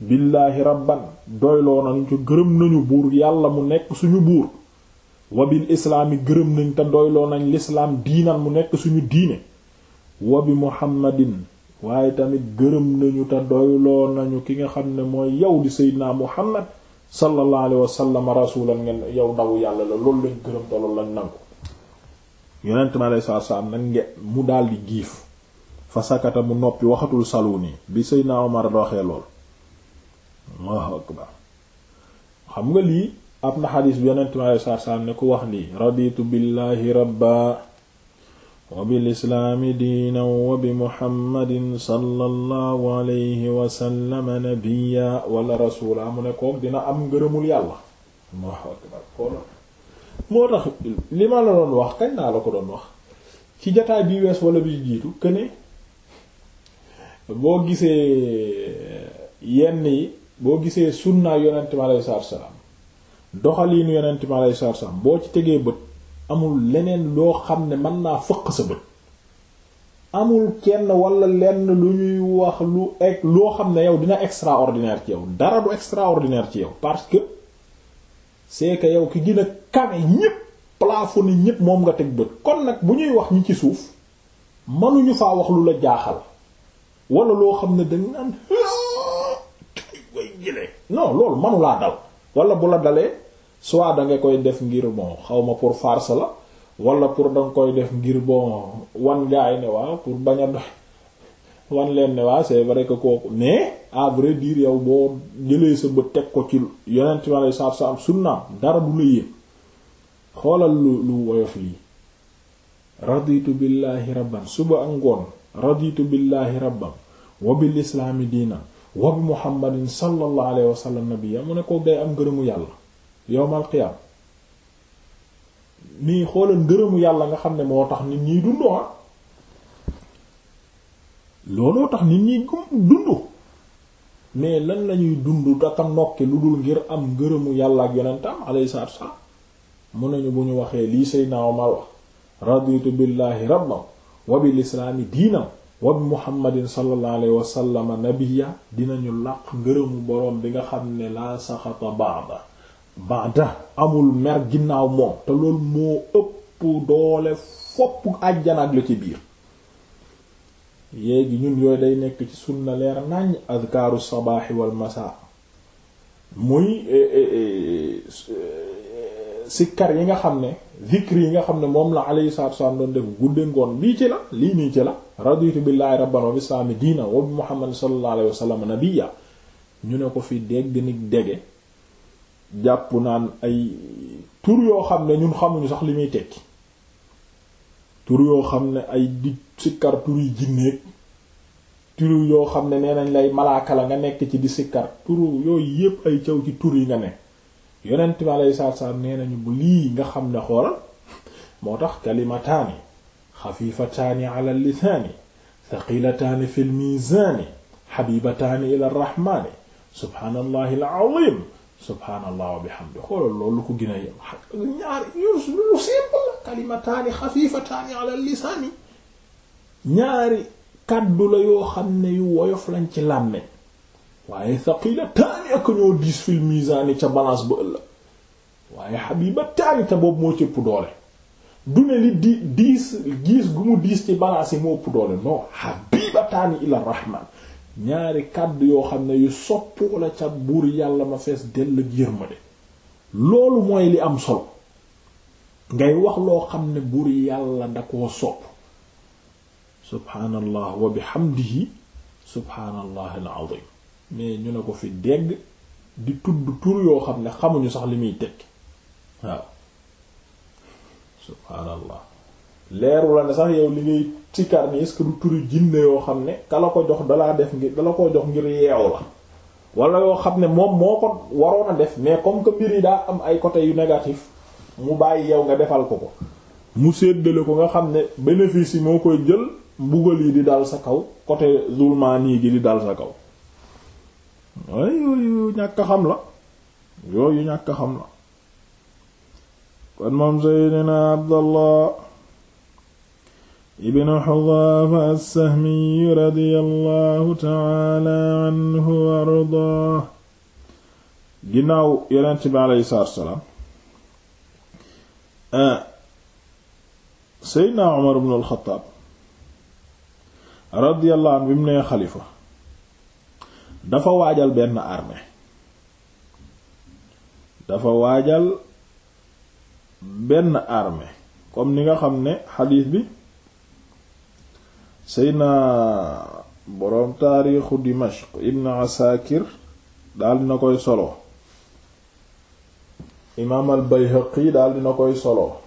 billaahi rabban doyloo nañu ci gërëm nañu buur yàlla mu nekk suñu buur wabil islaami gërëm nañ te doyloo nañ lislaam diinan mu nekk suñu diine wabi muhammadin waaye tamit gërëm nañu te doyloo nañu ki nga xam ne mooy yow di seydinaa muhammad sallallahu alayhi wasallam rasulan ngeen yow ndaw yàlla la lool lañ gërëm te loolu lañ nangu yonent mi salaam nag mu daldi giif fa sakata mu noppi waxatul saluni bi Seydina Omar waxee lool Allahu akbar xam nga lii am na xadis bi yonent mi ne ku wax lii raditu billahi rabba wa bil islaami diinan wa bi muhammadin sallallahu alayhi wa sallama nabiyya wala rasula mu ne kook dina am ngërëmul yàlla Allahu moo tax li ma la doon wax kañ naa la ko doon wax ci jataay bi wees wala bi jiitu këne boo gisee eh, yenn yi boo gisee sunnaa yonent mi alayhi salaatu wa salaam doxaliinu yonent mi alayhi salaam boo ci tegee bët amul leneen loo xam ne mën naa fëq sa bët amul kenn wala lenn lu ñuy wax lu ek loo xam ne yow dina extraordinaire ci yow dara du extraordinaire ci yow parce que c'est que yow ki gën a kawe ñépp plafonné ñépp moom nga teg bët kon nag bu ñuy wax ñi ci suuf mënuñu faa wax lu la jaaxal wala loo xam ne dañ naan tay way jëlee non loolu manulaa dal wala bu la dalee soit da koy def ngir bon xaw ma pour farce la wala pour danga koy def ngir bon wan gaay ne waaw pour bañ a doy wan leen ne waaw c'est vrai que kooku mais à vrai dire yow boo jëlee sa bët teg ko ci yonent mi alei satu salaam sunnaam dara du la yéen xoolal lu lu woyof lii raditu billahi rabban suba ak ngoon raditu billahi rabban wa bil islaami diina wa bi muhammadin sallallahu alayhi wa sallam nabiyya mu ne ko day am ngërëmu yàlla yowmal qiyaam nii xoolal ngërëmu yàlla nga xam ne moo tax nit ñiy dund ah looloo tax nit ñi dund mais lan lañuy dund daka nokki lu dul ngir am ngërëmu yàlla ak yonentam alayhi salaatu wa salaam mun nañu bu ñu waxee lii Seydina Omar wax raditu billahi rabban wa bil islaami diina wa bi muhammadin sallallahu alayhi wa sallam nabiyya dinañu làq ngërëmu boroom bi nga xam ne laa saxata ba'da ba'da amul mer ginnaaw moom te loolu moo ëpp doole fopp àjjana ak la ci biir yéegi ñun yooyu day nekk ci sunna leer nañ adkaaru sabaaxi wal masaa muy eh, eh, eh, sikkar yi nga xam ne zikri yi nga xam ne moom la alayhi salaatu wassalaam doon def gudde ngoon lii ci la lii nii ci la raditu billahi rabban wa bi islaami diina wa bi muhammad sallallahu alayhi wa sallam nabiyya ñu ne ko fi dégg nit dege jàpp naan ay tur yoo xam ne ñun xamuñu sax li muy tekki tur yoo xam ne ay di sikkar tur yi jinneeg tur yoo xam ne nee nañ lay malaaka la nga nekk ci di sikkar tur yooyu yépp ay caw ci tur yi nga ne yonent bi alayhi salaatu salaam nee nañu bu lii nga xam ne xoolal moo tax kalimataani xafifataani ala lisaani thaqilataani fil miizaani xabibataani ila rahmaani subhaanallah wa bihamdi xoolal loolu ko gën la yoo xam ne yu woyof lañ ci làmmeñ waaye thaqilataani ak ñoo diis fil ca balance ba ëllëg waaye habibataani te boobu moo ci ëpp doole du ne li di diis giis gu mu diis ci balance yi moo ëpp doole non habibataani ila rahman ñaari kàddu yoo xam ne yu soppu la ca buur yàlla ma fees dell ak yërmande loolu mooy li am solo ngay wax loo xam ne buur yàlla da koo sopp subhaanallah wa bihamdihi subhaanallah al azim mais ñu ne ko fi dégg di tudd tur yoo xam ne xamuñu sax li muy tekki waaw subhaanallah leeru la ne sax yow li ngay sikar ni est-ce que du turu jinne yoo xam ne kala ko jox dalaa def ngir dala koo jox ngir yeewu la wala yoo xam ne moom moo ko waroon a def mais comme que mbir yi daa am ay côté yu négatif mu bàyyi yow nga defal ko ko mu séddale ko nga xam ne bénéfice yi moo koy jël mbugal yi di daal sa kaw côté zulmaani gi di dal sa kaw ay ñàkk xam la yooyu ñàkk xam la kon moom seydina abdallah ibnu xudaafa assahmiyu radiyallahu taala anhu wa ardaa ginnaaw yonent bi aleyhi salaatu wassalaam eh, seydina umar ibnu alxataab radiyallahu anhu bi mu nee xalifa dafa waajal benn armée dafa waajal benn armée comme ni nga xam ne xadiis bi Seydina boroom taarixu Dimashq Ibn Asakir daal na koy solo imaam al Bayhaqi di na koy solo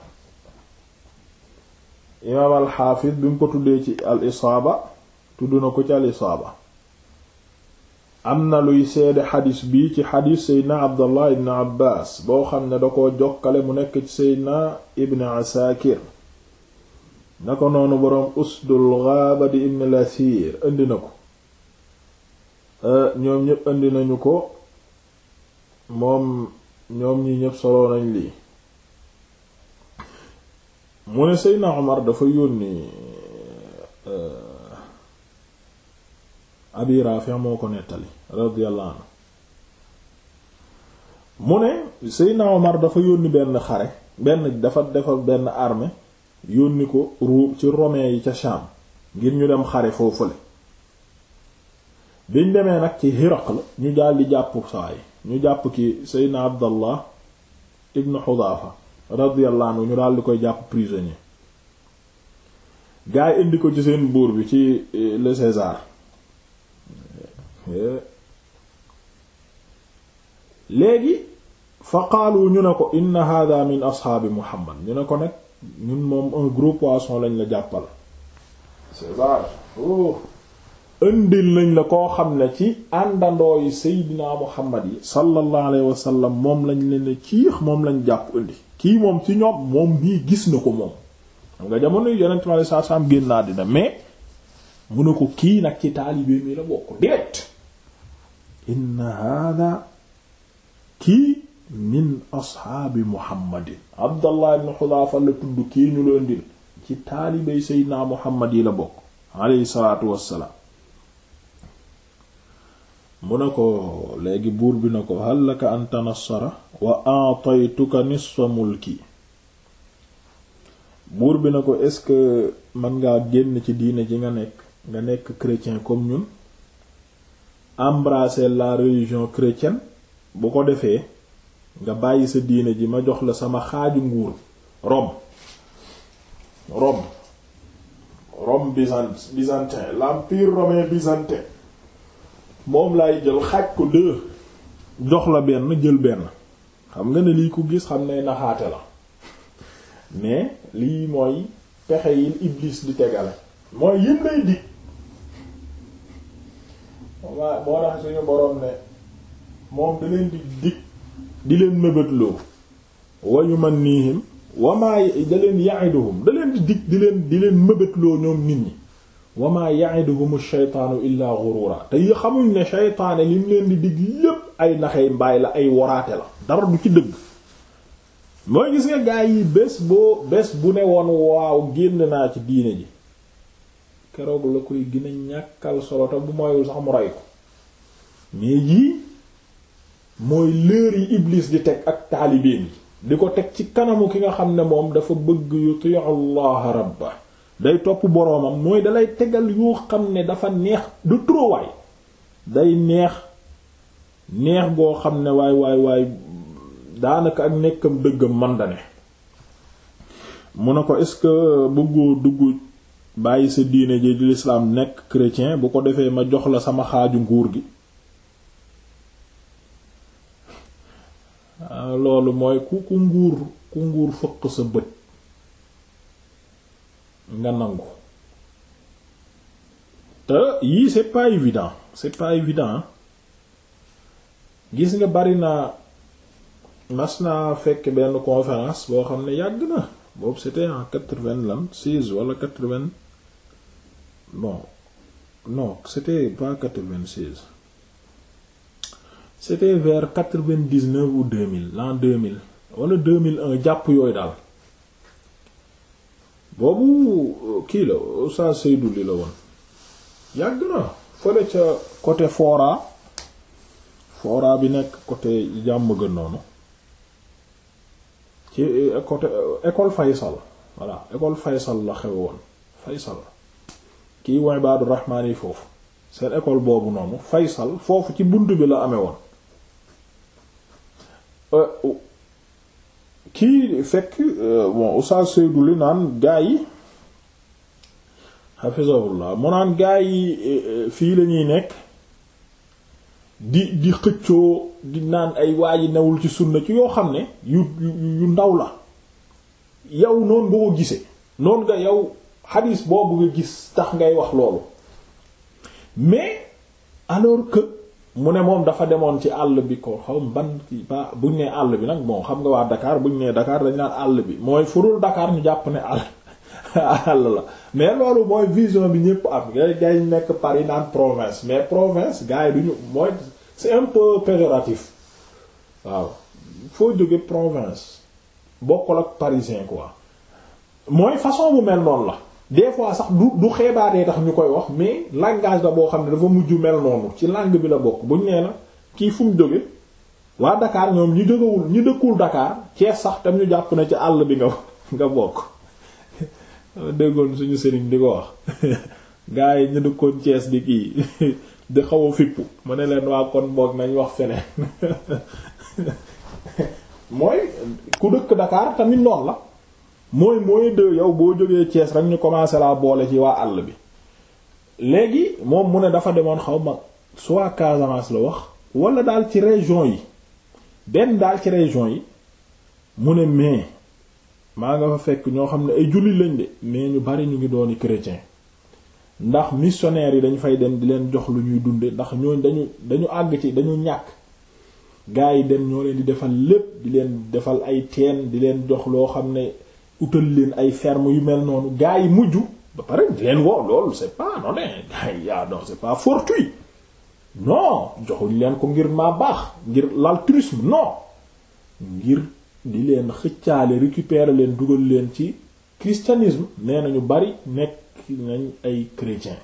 imaam al xaafis bi mu ko tuddee ci al isaaba tudd na ko ci al isaaba am na luy seede xadis bi ci xadis seydna abdallah ibn abbas boo xam ne da ko jokkale mu nekk ci seydna ibn asaakir na noonu boroom usdul gaaba di ibn lasiir indi na ko eh, ñoom ñépp indi nañu ko moom ñoom ñi ñépp soloo nañ lii mu ne seydna omar dafa yónni eh, abi Rafi moo ko nettali radiyallahu anhu mu ne Seydina Omar dafa yónni benn xare benn dafa defal benn arme yónni ko ruum ci romain yi ca Sham ngir ñu dem xare foofule biñ demee nag ci Hiraql ñu daldi jàpp saa ñu jàpp ki Seydina Abdallah ibn Hudhafa radiyallahu ñu daldi koy jàpp prisonnier gaay indi ko ci seen buur bi ci eh, le César Eh. léegi fa qaalu ñu ne ko inna hada min asxaabi muhammad ñu ne ko nag ñun moom un gros poisson lañ la jàppal c'est ça oh indil lañ la koo xam ne ci àndandoo yi seydinaa muhammad yi sallallahu alayhi wasallam moom lañ leen ne ciix moom lañ jàpp indi kii moom ci ñoom moom nii gis na ko moom xam nga jamono yu yonent mi sallallahu alayhi wasallam génn naa mais mu ne ko kii nag ci taalibe mi la bokk direct inna hada kii min asxaabi muhammadin abdallah ibn xudaafa la tudd kii ñu loon dil ci taalibey seydinaa muhammad yi la bokk aleyhi salaatu wassalaam mu ne ko léegi buur bi na ko hal laka an tanassara wa ataytuka nisfa mulki buur bi na ko est-ce que mën ngaa génn ci diine ji nga nekk nga nekk chrétien comme ñun embrasser la religion chrétienne bu ko defee nga bàyyi sa diine ji ma jox la sama xaaju nguur Rome Rome Rome byzantin byzantin l'empire romain byzantin moom lay jël xaaj ko deux jox la benn jël benn xam nga ne lii ku gis xam ne naxaate la mais lii mooy pexe yi Iblis di tegale mooy yën lay dig waa boo tax suñu boroom ne moom da leen di dig di leen mébétloo wa yumannihim wamaa da leen ya'iduhum di dig di leen di leen mébétloo ñoom nit ñi wamaa ya'iduhum ash-shaytaanu illaa ghurura te yi xamuñ ne shaytaane lim leen di dig lépp ay naxey mbaay la ay woraate la dara du ci dëgg mooy gis nga yi bés boo bés bu ne woon waaw génn naa ci diine ji keroog la koy gën a ñàkkal solo te bu moyul sax mu rey ko mais yii mooy leer yi ibliis di teg ak taalibeem yi di ko teg ci kanamu ki nga xam ne moom dafa bëgg yutiu allah rabba day topp boroomam mooy dalay tegal yoo xam ne dafa neex de trop day neex neex goo xam ne waay waay waay daanaka ak nekkam dëggam man dane ne mu ne ko est-ce bëggoo dugg bàyyi sa diine ji di lislaam nekk chrétien bu ko defee ma jox la sama xaaju nguur gi ah, loolu mooy ku ku nguur ku nguur fëq sa bët nga nangu te yii c'est pas évident c'est pas évident gis nga bari naa mas naa fekk benn conférence boo xam ne yàgg na boobu c'était en quatre-vingt lan seize wala quatre-vingt bon non c'était pas quatre-vingt-seize c'était vers quatre-vingt-dix-neuf ou deux mille l'an deux mille wala deux mille un jàpp yooyu daal boobu euh, kii la sa Seydou li la woon yàgg na fële ca côté Fora Fora bi nekk côté jàmm gën noonu ci euh, côté euh, école Faysal voilà école Faysal la xew woon Faysal kii wa Ibaadu foofu seen école boobu noonu Faysal foofu ci bunt bi la amee woon euh, kii fekk euh, bon Oustaz Seydou li naan gaa yi hafizahullah mu naan gaa yi euh, fii lañuy nekk di di xëccoo di naan ay waa newul ci sunna ci yoo xam ne yu yu ndaw la yow noon boo ko gisee noonu nga yow xadiis boobu nga gis tax ngay wax loolu mais alors que mu ne moom dafa demoon ci àll bi ko xaw ban ba àll bi nag bon xam nga waa Dakar buñ nee dakaar dañ naan àll bi mooy furul dakaar ñu jàpp ne <laughs> àll la mais loolu mooy vision bi ñépp am ngay ngay nekk Paris naan province mais province gars yi duñu mooy c'est un peu waaw foo jóge province bokkul ak parisien quoi mooy façon bu mel noonu la des fois sax du du xeebaatee tax ñu koy wax mais langage la boo xam ne dafa mujj mel noonu ci làng bi la bokk buñ nee na kii fu mu jóge waa Dakar ñoom ñu jógewul ñu dëkkul Dakar Cees sax tam ñu jàpp na ci àll bi nga nga bokk <laughs> déggoon suñu sëriñ di ko wax <laughs> gaa yi ñu dëkkoon Cees di kii <laughs> di xaw a fippu mu ne leen waa kon boog nañ wax feneen mooy ku dëkk Dakar tamit noonu la mooy mooy de yow boo jógee Thiès rek ñu commencé laa boole ci waa àll bi léegi moom mu ne dafa demoon xaw ma soit Casamance la wax wala daal ci région yi benn daal ci région yi mu ne mais maa nga fa fekk ñoo xam ne ay jullit lañ de mais ñu bari ñu ngi dooni chrétien ndax missionnaires yi dañu fay dem di leen jox lu ñuy dunde ndax ñooñ dañu dañu àgg ci dañu ñàkk gaa yi dem ñoo leen di defal lépp di leen defal ay teen di leen jox loo xam ne utal leen ay ferme yu mel noonu gaa yi mujj ba pare leen woo loolu c'est pas non ne yaa ah, non c'est pas fortuit non joxuñ leen ko ngir maa baax ngir l'altruisme non ngir di leen xëccaale récupérer leen dugal leen ci christianisme nee ñu bari nekk nañ ay chrétiens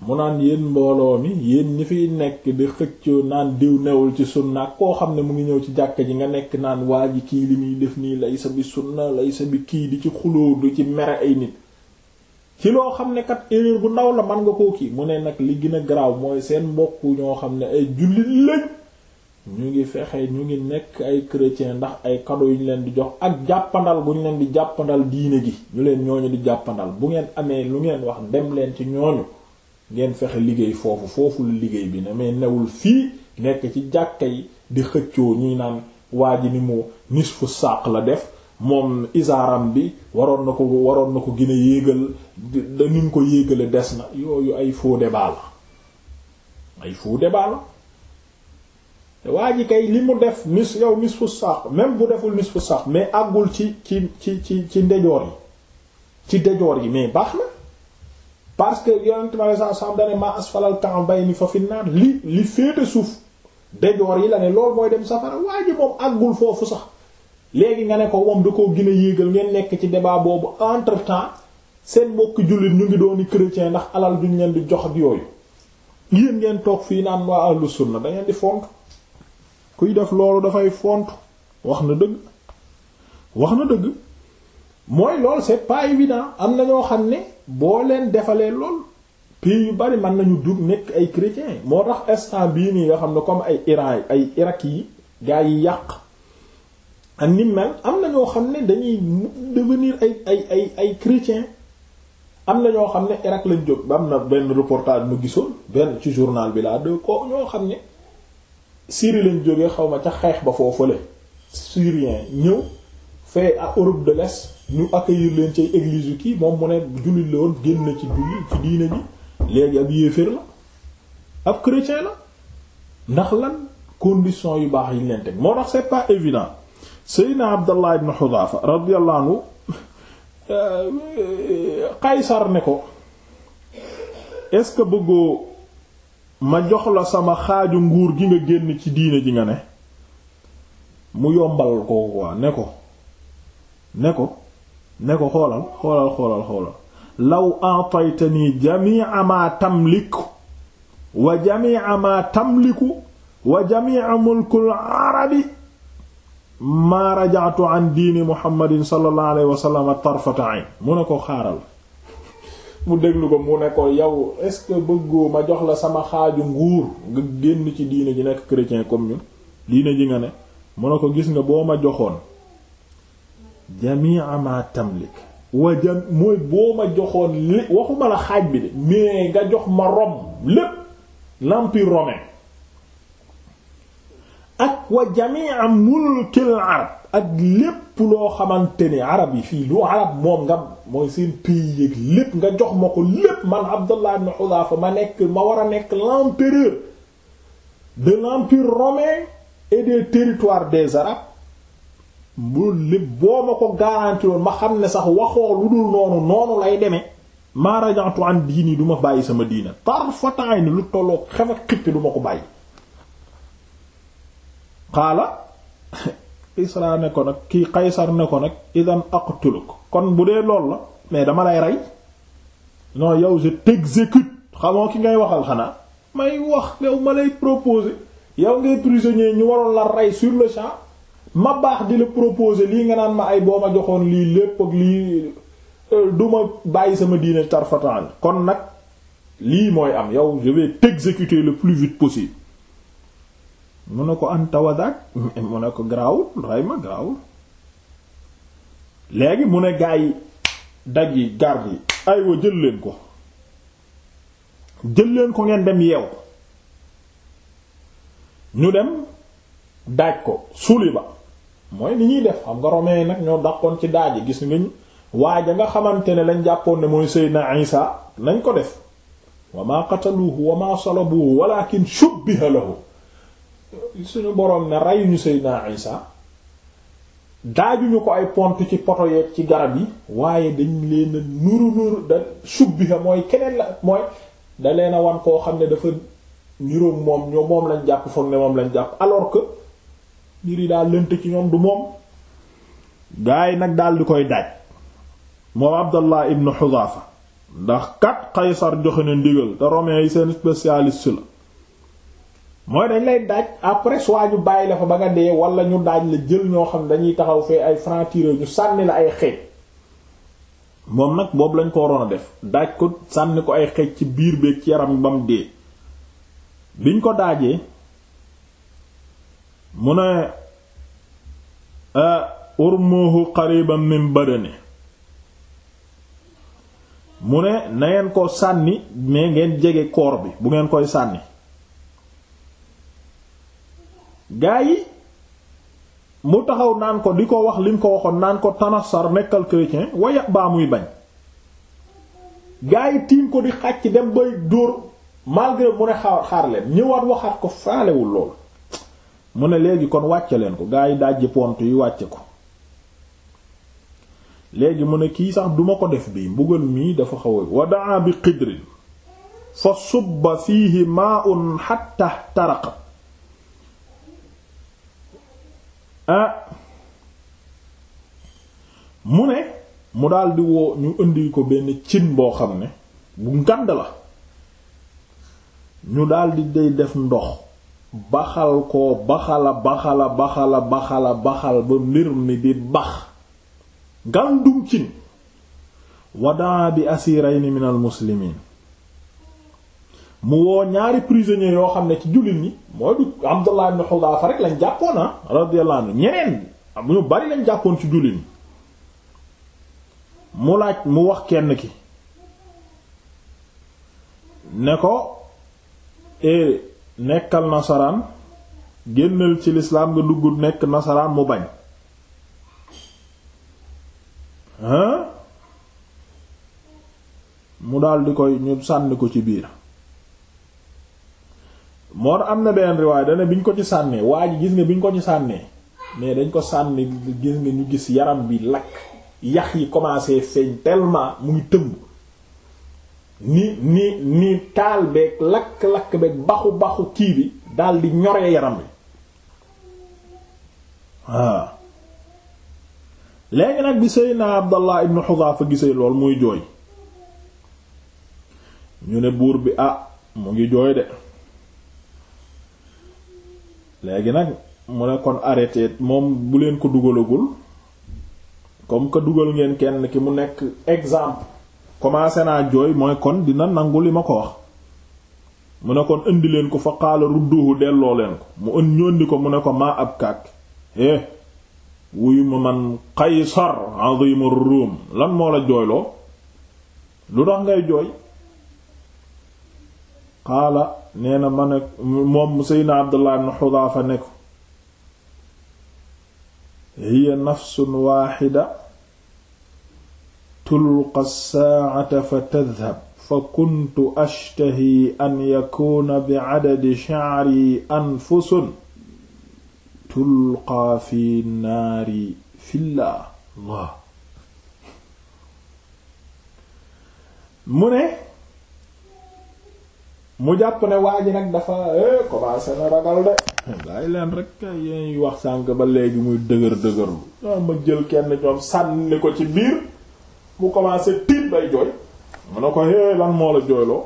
mu naan yéen mbooloo mi yéen ñi fiy nekk di xëccoo naan diw newul ci sunna koo xam ne mu ngi ñëw ci jàkk ji nga nekk naan waa ji kii li muy def nii lay sa bi sunna lay sa bi kii di ci xuloo du ci mere ay nit ci loo xam ne kat erreur bu ndaw la man nga koo kii mu ne nag li gën a garaaw mooy seen mbokk ñoo xam ne ay jullit lañ ñu ngi fexe ñu ngi nekk ay chrétien ndax ay cadeau yu ñu leen di jox ak jàppandal bu ñu leen di jàppandal diine gi ñu leen ñooñu di jàppandal bu ngeen amee lu ngeen wax dem leen ci ñooñu ngeen fexe liggéey foofu foofu la liggéey bi ne mais newul fii nekk ci jàkka yi di xëccoo ñuy naan waa ji ni mu nisfu sàq la def moom isaaram bi waroon na ko waroon na ko gën a yéegal dañu ko yéegale des na yooyu ay faux débat ay faux débat la waa ji kay li mu def nis yow nisfu sàq même bu deful fu sàq mais àggul ci ci ci ci ci ndejoor yi ci ndejoor yi mais baax na parce que yonent ma saa sam dane ma asfalal ka'bayni fa fi naar li li féete suuf déjoor yi la ne loolu mooy dem safara waa moom àggul foofu sax léegi nga ne ko moom da ko gën a yéegal ngeen nekk ci débat boobu entre temps seen mbokki jullit ñu ngi dooni chrétien ndax alal duñ leen di jox ak yooyu yéen ngeen toog fii naan waa ahlu na da ngeen di font kuy def loolu dafay font wax na dëgg wax na dëgg mooy loolu c'est pas évident am na ñoo xam ne boo leen defalee lool pays yu bari mën nañu dugg nekk ay chrétiens moo tax instant bii nii nga xam ne comme ay Iran ay Irak yi gaa yi yàq ak ni mel am na ñoo xam ne dañuy devenir ay ay ay ay am na ñoo xam ne Irak lañ jóg ba am na benn reportage mu gisoon benn ci journal bi laa de ko ñoo xam ne Syrie lañ jóge xaw ma ca xeex ba foofu la Syriens ñëw. fee à Europe de l'Est ñu accueillir leen ci église yu kii moom mu ne jullit la génn na ci julli ci diine ji léegi ab yéeféer la ab chrétien ndax lan condition yu baax yi leen teg moo tax c'est pas évident Seydina Abdallah ibn Hudhafa radiyallahu anhu euh, Qaysar ne ko est-ce que bëggoo ma jox la sama xaaju nguur gi nga génn ci diine ji nga ne mu yombal ko waa ne ko ne ko ne ko xoolal xoolal xoolal law law a'taytani jami'a ma tamliku wa jami'a ma tamliku wa jami'a mulkul arabi ma raja'tu an diini muhammadin sallallahu alayhi wa sallam tarfata ayn mu ne ko xaaral mu déglu ko mu ne ko yow est-ce que bëggoo ma jox la sama xaaju nguur nga génn ci diine ji nekk chrétien comme ñun diine ji nga ne mu ne ko gis nga boo ma joxoon jami'a ma tamlik wa jam mooy boo ma joxoon li waxuma la xaaj bi de mais nga jox ma Rome lépp l'empire romain ak wa jami'a mulkil arab ak lépp loo xamante ni arab yi fii lu arab moom nga mooy seen pays yéeg lépp nga jox ma ko lépp man Abdullah ibn Hudhafa ma nekk ma war a nekk l'empereur de l'empire romain et des territoires des arabes loolu lépp boo ma ko garanti woon ma xam ne sax waxoo lu dul noonu noonu lay demee maa rajantu an diini du ma bàyyi sama diina tarfataay ni lu tolloo xef ak xippi ma ko bàyyi xaala Isra ne ko nag kii Qaysar ne ko nag idan aqtuluk kon bu dee lool la mais dama lay rey non yow je t'exécute xamoo ki ngay waxal xanaa may wax yow ma lay proposer yow ngay prisonnier ñu waroon la rey sur le champ ma baax di la proposer lii nga naan ma ay boo ma joxoon lii lépp ak lii euh, du ma bàyyi sama diine tarfataan kon nag lii mooy am yow je vais t'exécuter le plus vite possible mu ne ko antawadak <laughs> mu ne ko garaawul ray ma garaawul léegi mu ne gaa yi dag yi garde yi jël leen ko jël leen ko ngeen dem yeew ñu dem daaj ko suli ba mooy ni ñuy def xam nga romain nag ñoo daqoon ci daaje gis nga waaja nga xamante ne lañ jàppoon ne mooy Seydina Isa nañ ko def wa ma qataluuhu wa ma salabuuhu walakin shubbiha lahu boroom ne reyuñu Seydina Isa daajuñu ko ay pont ci poto yeeg ci garab yi waaye dañ leen a nuru nuru da shubbiha mooy keneen la mooy da leen wan koo xam ne dafa niroog moom ñoo moom lañ jàpp foog ne moom lañ jàpp alors que mbir yi daal lënt ci ñoom du moom gaay nag daal di koy daaj moom Abdallah ibn Hudhafa ndax kat Qaysar joxe na ndigal te romains yi seen spécialiste la mooy dañ lay daaj après soit ñu bàyyi la fa ba nga dee wala ñu daaj la jël ñoo xam dañuy taxaw fee ay francs-tireurs ñu sànni la ay xeej moom nag boobu lañ ko waroon a def daaj ko sànni ko ay xeej ci biir beeg ci yaram ba mu dee biñ ko daajee mu ne urmuhu qariban min ni mu ne nangeen ngeen ko sànni mais ngeen jege koor bi bu ngeen koy sànni gaa yi mu taxaw naan ko di ko wax liñ ko waxoon naan ko tanassar nekkal chrétien waya baa muy bañ gaa yi tiim ko di xàcc dem bay dóor malgré mu ne xaar xaar ñëwaat waxaat ko faalewul lool mu ne léegi kon wàcce leen ko gaa yi dajji pont yi wàcce ko léegi mu ne kii sax duma ko def bii mbugal mii dafa xaw wa daa bi qidrin fa subba fii maa'un hatta taraqa ah mu ne mu daldi woo ñu indi ko benn cin boo xam ne bu ngand la ñu daldi day def ndox baxal koo baxala baxala baxala baxala baxal ba mbir mi di bax gàndum cin wadaa bi asirayni minal muslimiin mu woo ñaari prisonniers yoo xam ne ci jullit ñi mooy du Abdullah ibn Hudhafa rek lañ jàppoon ah radiyallahu anhu ñeneen ñu bari lañ jàppoon ci jullit ñi mu laaj mu wax kenn ki ne ko eh, nekkal nasaraan génnal ci lislaam nga dugg nekk nasaraan mu bañ hein mu daldi koy ñu sànni ko ci biir moor am na benn riwaay dana biñ ko ci sànnee waa ji gis nga biñ ko ci sànnee mais dañ ko sànni gis nga ñu gis yaram bi lakk yax yi commencé feeñ tellement muy tëmb ni ni ni taal beeg lakk-lakk beeg baxu baxu kii bi daldi di ñoree yaram bi waaw ah. léegi nag bi Seydina Abdallah ibn Xudaafa gisee lool muy jooy ñu ne buur bi ah mu ngi jooy de léegi nag mu ne kon arrêté moom bu leen ko dugalagul comme que dugal ngeen kenn ki mu nekk exemple commencé naa jooy mooy kon dina nangu li ma ko wax mu ne kon indi leen ko fa xaala rudduhu delloo leen ko mu ën ñónni ko mu ne ko maa ab kàkk eh wuyu ma man qaysar azimu ruum lan moo la jooyloo lu tax ngay jooy xaala nee na ma ne moom seydna abdullah ibn xudaafa ne ko hiya nafsun waaxida tulqa saacata fa tadhab fa kuntu ashtahi an yakuuna bicadadi shacri anfusun tulqaa fi naari fillaa Allah mu ne mu jàpp ne waa nag dafa eh, commencé na ragal de bàyyi rek kay wax sànk ba léegi muy dëgër dëgërlu ah, ma jël kenn ñoom sànni ko ci biir mu commencé tiit bay jooy mu ne ko hé lan moo la jooyloo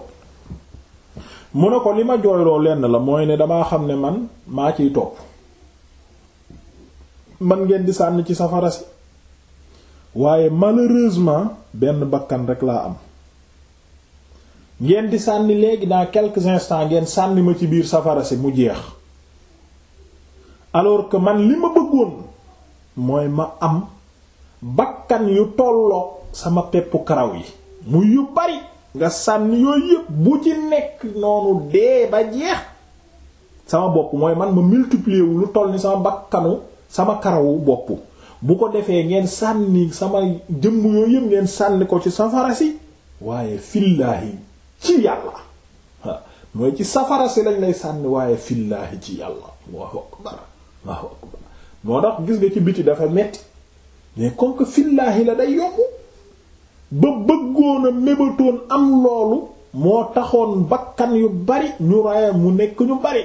mu ne ko li ma jooyloo lenn la mooy ne damaa xam ne man maa ciy topp man ngeen di sànni ci safara si waaye malheureusement benn bakkan rek laa am ngeen di sànni léegi dans quelques instants ngeen sànni ma ci biir safara si mu jeex alors que man li ma bëggoon mooy ma am bakkan yu tolloo sama peppu karaw yi muy yu bari nga sànni yooyu yëpp bu ci nekk noonu dee ba jeex sama bopp mooy man ma multiplier wu lu toll ni sama bakkanu sama karawu bopp bu ko defee ngeen sànni sama jëmm yooyu yëpp ngeen sànni ko ci safara si waaye fillaahi ci yàlla mooy ci safara si lañ lay sànni waaye fillaahi ci yàlla Allahu moo tax gis nga ci biti dafa metti mais comme que fillaahi la day yomb ba bëggoon a am loolu moo taxoon bakkan yu bari ñu raaya mu nekk ñu bari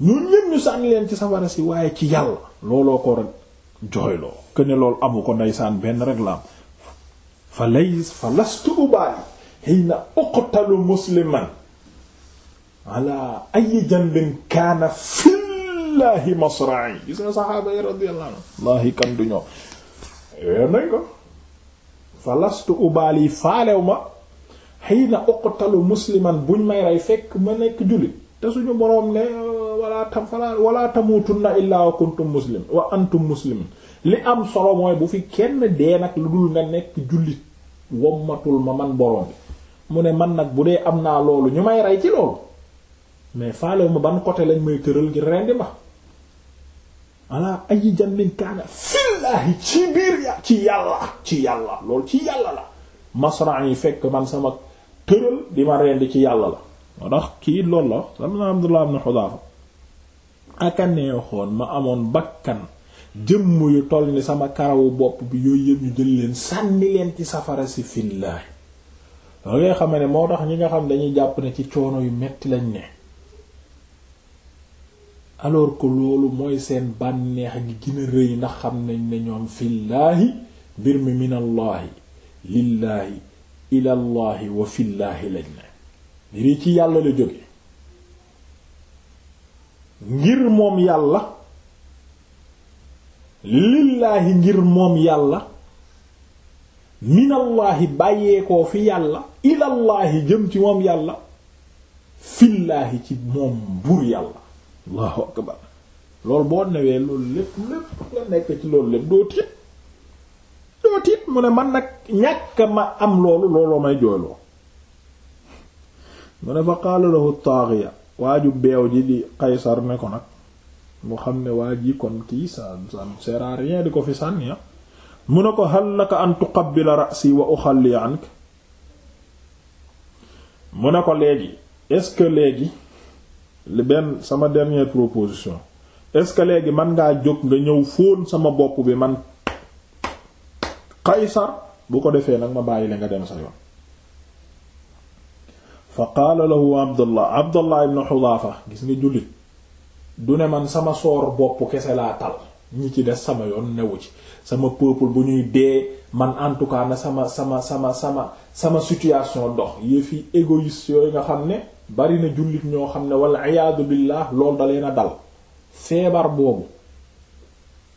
ñu ñépp ñu sànni leen ci safara si waaye ci yàlla looloo ko rek jooyloo këne loolu amu ko ndeysaan benn rek la am fa lay fa lastu ubaali hina uqtalu musliman ala ay janbin kaana fillahi masra'i gis nga saxaaba yi radiyallahu anhu wallahi kan du ñoo eh, nañ ko fa lastu ubaali faalew ma xiina uqtalu musliman buñ may rey fekk ma nekk jullit te suñu boroom ne wala tam fala wala tamutunna illaa wa kuntum muslim wa antum muslimin li am solo mooy bu fi kenn dee nag lu dul nga nekk jullit wommatul ma man boroom bi mu ne man nag bu dee am naa loolu ñu may rey ci loolu mais faalew ma ban côté lañ may tëral ngir rendi ma ala ayi jannin kaana fillaahi ci biir ya ci yàlla ci yàlla loolu ci yàlla la masran yi fekk man sama tëral di ma di ci yàlla la moo tax kii loolu la sam na Abdullah ibn ma amoon bakkan jëmm yu toll ni sama karawu bopp bi yooyu yëpp ñu jël leen sànni leen ci safara si fillaahi loolu nga xam ne moo tax ñi nga xam dañuy jàpp ne ci coono yu metti lañ ne alors ko loolu mooy seen bànneex gi gën a rëy ndax xam nañ ne ñoom fillaahi mbir mi minallaahi lillaahi ilallaahi wa fillaahi lañ ne mbir yi ci yàlla la jóge ngir moom yàlla lillaahi ngir moom yàlla minallaahi bàyyeekoo fi yàlla ilallaahi jëm ci moom yàlla fillaahi ci moom buur yàlla allahu boo newee loolu lépp lépp nga nekk ci loolu lépp doo tiit doo tiit mu ne man nag ñàkk ma am loolu looloo may jooyloo mu ne fa qaala lahu taaxiya waaju beew ji di Qaysar ne ko nag mu xam ne waa ji kon kii ça ça ne di ko fi sànni ah mu ne ko hal laka an tuqabbila ra'si wa uxalli ank mu ne ko léegi est que léegi li benn sama dernière proposition est-ce que léegi man ngaa jóg nga ñëw fóon sama bopp bi man Qaysar bu ko defee nag ma bàyyi la nga dem sa yoon fa qaala lahu Abdullah Abdullah ibn Hudhafa gis nga jullit du ne man sama soor boppu kese laa tal ñi ci des sama yoon newu ci sama peuple bu ñuy dee man en tout cas na sama sama sama sama sama situation dox yëfi égoïste yooyu nga xam ne bari na jullit ñoo xam ne wala iyaadu billah lool da leen a dal feebar boobu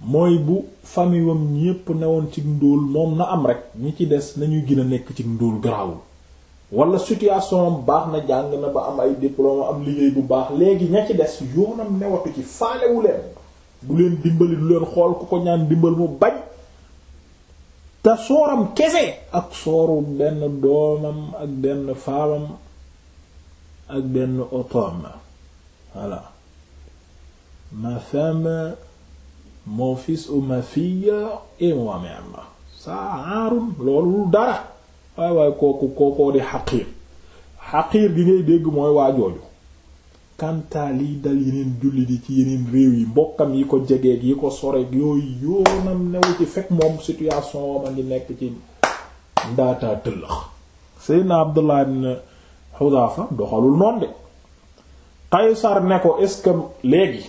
mooy bu famille wam ñépp newoon ci ndóol moom na am rek ñi ci des nañuy gën a nekk ci ndóol garaawul wala situation am baax na jàng na ba am ay diplôme am liggéey bu baax léegi ña ci des yoonam newatu ci faalewu leen du leen dimbali du leen xool ku ko ñaan dimbal mu bañ te sooram kese ak sooru benn doomam ak benn faamam ak benn otoma voilà ma femme mon fils ou ma fille et moi-même ça aarun loolu lu dara waaye waaye kooku kookoo di xaqiir xaqiir gi ngay dégg mooy waa jooju kantaa liy dal yeneen julli di ci yeneen réew yi mbokkam yi ko jegeeg yi ko soreeg yooyu yoonam newu ci fekk moom situation woo nekk ci ndaataa tëllëx Seydina Abdullah ibn Xudaafa doxalul noonu de Qaysar ne ko est-ce que léegi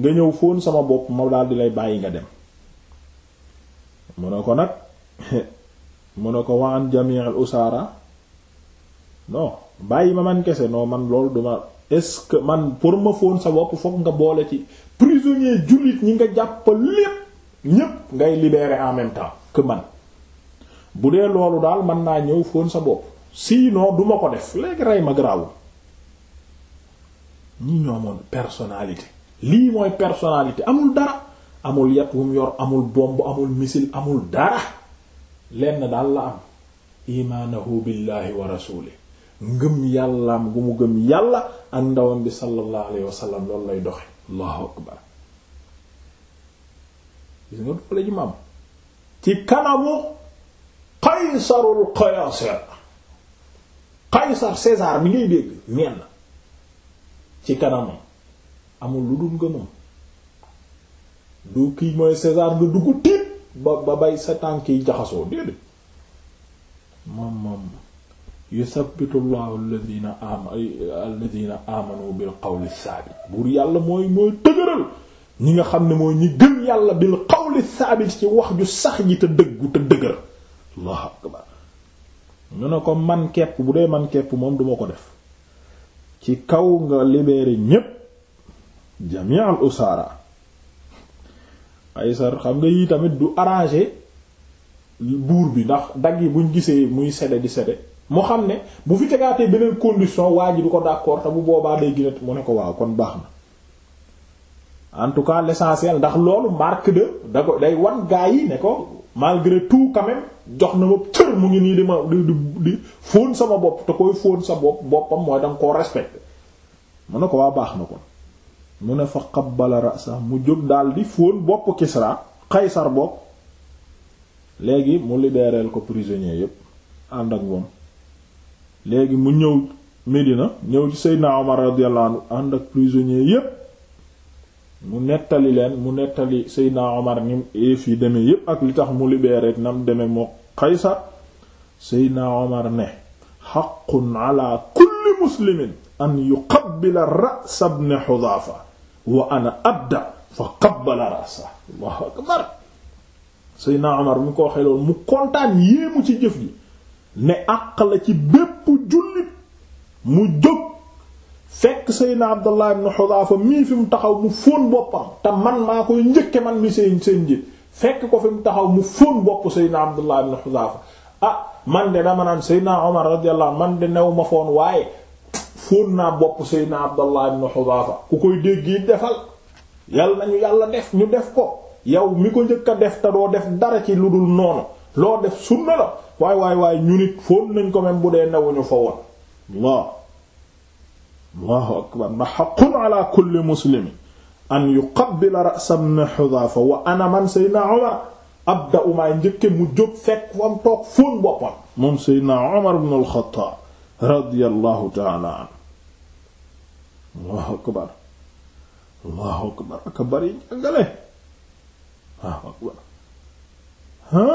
nga ñëw fóon sama bopp ma daal di lay bàyyi nga dem mu ne ko nag <laughs> mu ne ko waan jami'ul usara non bàyyi ma man kese non man loolu duma est man pour ma fóon sa bopp foog nga boole ci prisonnier jullit ñi nga jàppal lépp ñépp ngay libérer en même temps que man bu dee loolu daal mën naa ñëw fóon sa bopp sinon duma ko def léegi rey ma garaawul ñi ñoomoon personnalité lii mooy personnalité amul dara amul yat wum yor amul bomb amul missile amul dara lenn daal la am imaanahu billahi wa rasuli ngëm mu gëm yàlla ak ndawam bi sallallahu alayhi wa lay doxe allahu akbar gis nga doole ji ci kanamu qaysarul qayaasir Qaysar César bi ngay dégg ñenn ci kanamam amul lu dul nga du kii mooy César nga dugg tiit ba ba bay sa tànk yi jaxasoo déedéet moom moom yuthabbitu llahu alladhina amanu alladhina amanu bil qawli thabit buur yàlla mooy ñi nga xam ne mooy ñi gëm yàlla bil qawli thabit ci wax ju sax ji te dëggu ñu ne ko man kepp bu dee man kepp moom duma ko def ci kaw nga libéré ñépp jami'al usara Qaysar xam nga yi tamit du arrangé buur bi ndax dagg yi buñ gisee muy sede di sede mu xam ne bu fi tegaatee beneen condition waa ji du ko d'accord te bu boobaa day gën mu ne ko waaw kon baax na en tout cas l'essentiel ndax loolu marque de da ko day wan gaa yi ne ko malgré tout quand jox na ma cër mu ngi nii di ma di di di fóon sama bopp te koy fóon sa bopp boppam mooy danga koo respecté mu ne ko waa baax na ko mu ne fa qabbala sax mu jóg daal di fóon bopp Kisra Qaysar bopp léegi mu libéreel ko prisonnier yépp ànd ak moom léegi mu ñëw Medina ñëw ci Seydina Omar radiyallahu anhu ànd ak prisonnier yépp mu nettali leen mu nettali Seydina Omar ni eef yi yépp ak li tax mu libéré nam demee moo Qaysar Seydina Omar ne xaqun ala kulli muslimin an yuqabbila Omar mu ko waxee mu kontaan yéemu ci jëf gi ne àq la ci bépp jullit mu jóg fekk Seydina Abdallah ibn Hudhafa mii fi mu taxaw mu fóon boppam te man maa koy njëkke man mi seen seen njiit fekk ko fi mu taxaw mu fóon bopp Seydina Abdallah ibn Hudhafa ah man de dama naan Seydina Omar radiyallahu man de new ma foon waaye fóon naa bopp Seydina Abdallah ibn Hudhafa ku koy dégg defal yal nañu yàlla def ñu def ko yow mi ko njëkk a def te doo def dara ci lu dul noonu loo def sunna la waay waay waay ñu nit fóon nañ ko bu dee newuñu fa allahu akbar na xaqun ala kulli muslimin an yuqabbila ra'sa ibn Hudhafa wa ana man sayyidina Umar abda'u maa njëkke mu jóg fekk fam toog fóon boppam moom sayyidina Umar ibn al-Khattab radiyallahu ta'ala anhu allahu akbar allahu akbar aka bari jàngale allahu akbar ha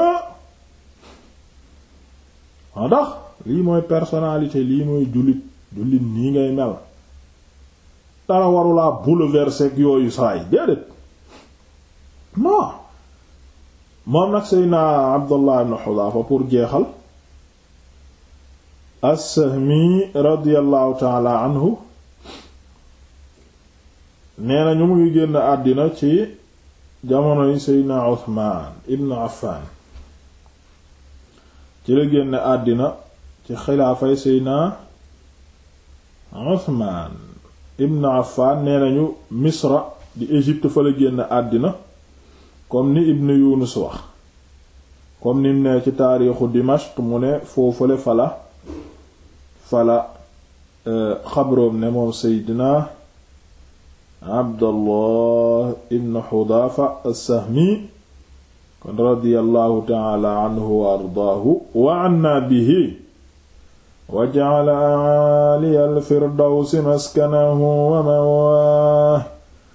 waa ndax lii mooy personnalité lii mooy jullit jullit nii ngay mel dara warulaa bouleverser yooyu saay déedéet non moom nag Seydina Abdullah ibn Hudhafa pour jeexal as-Sahmi radiyallahu taala anhu nee ñu mu ngi génn àddina ci jamonoy Seydina Uthman ibn Affan ci la génn àddina ci xilaafay seyna Uthman ibn Affan nee nañu Misra di Égypte fa la génn àddina comme ni ibn Yunus wax comme ni ne ci taarixu Dimashq mu ne foofale fala fala euh, xabroom ne moom Seydina Abdallah ibn Xudaafa as-Sahmi kon radiyallahu ta'ala wa ardaahu wa anna bihi waj'al a'aaliya al-firdawsi maskanahu wa mawaahu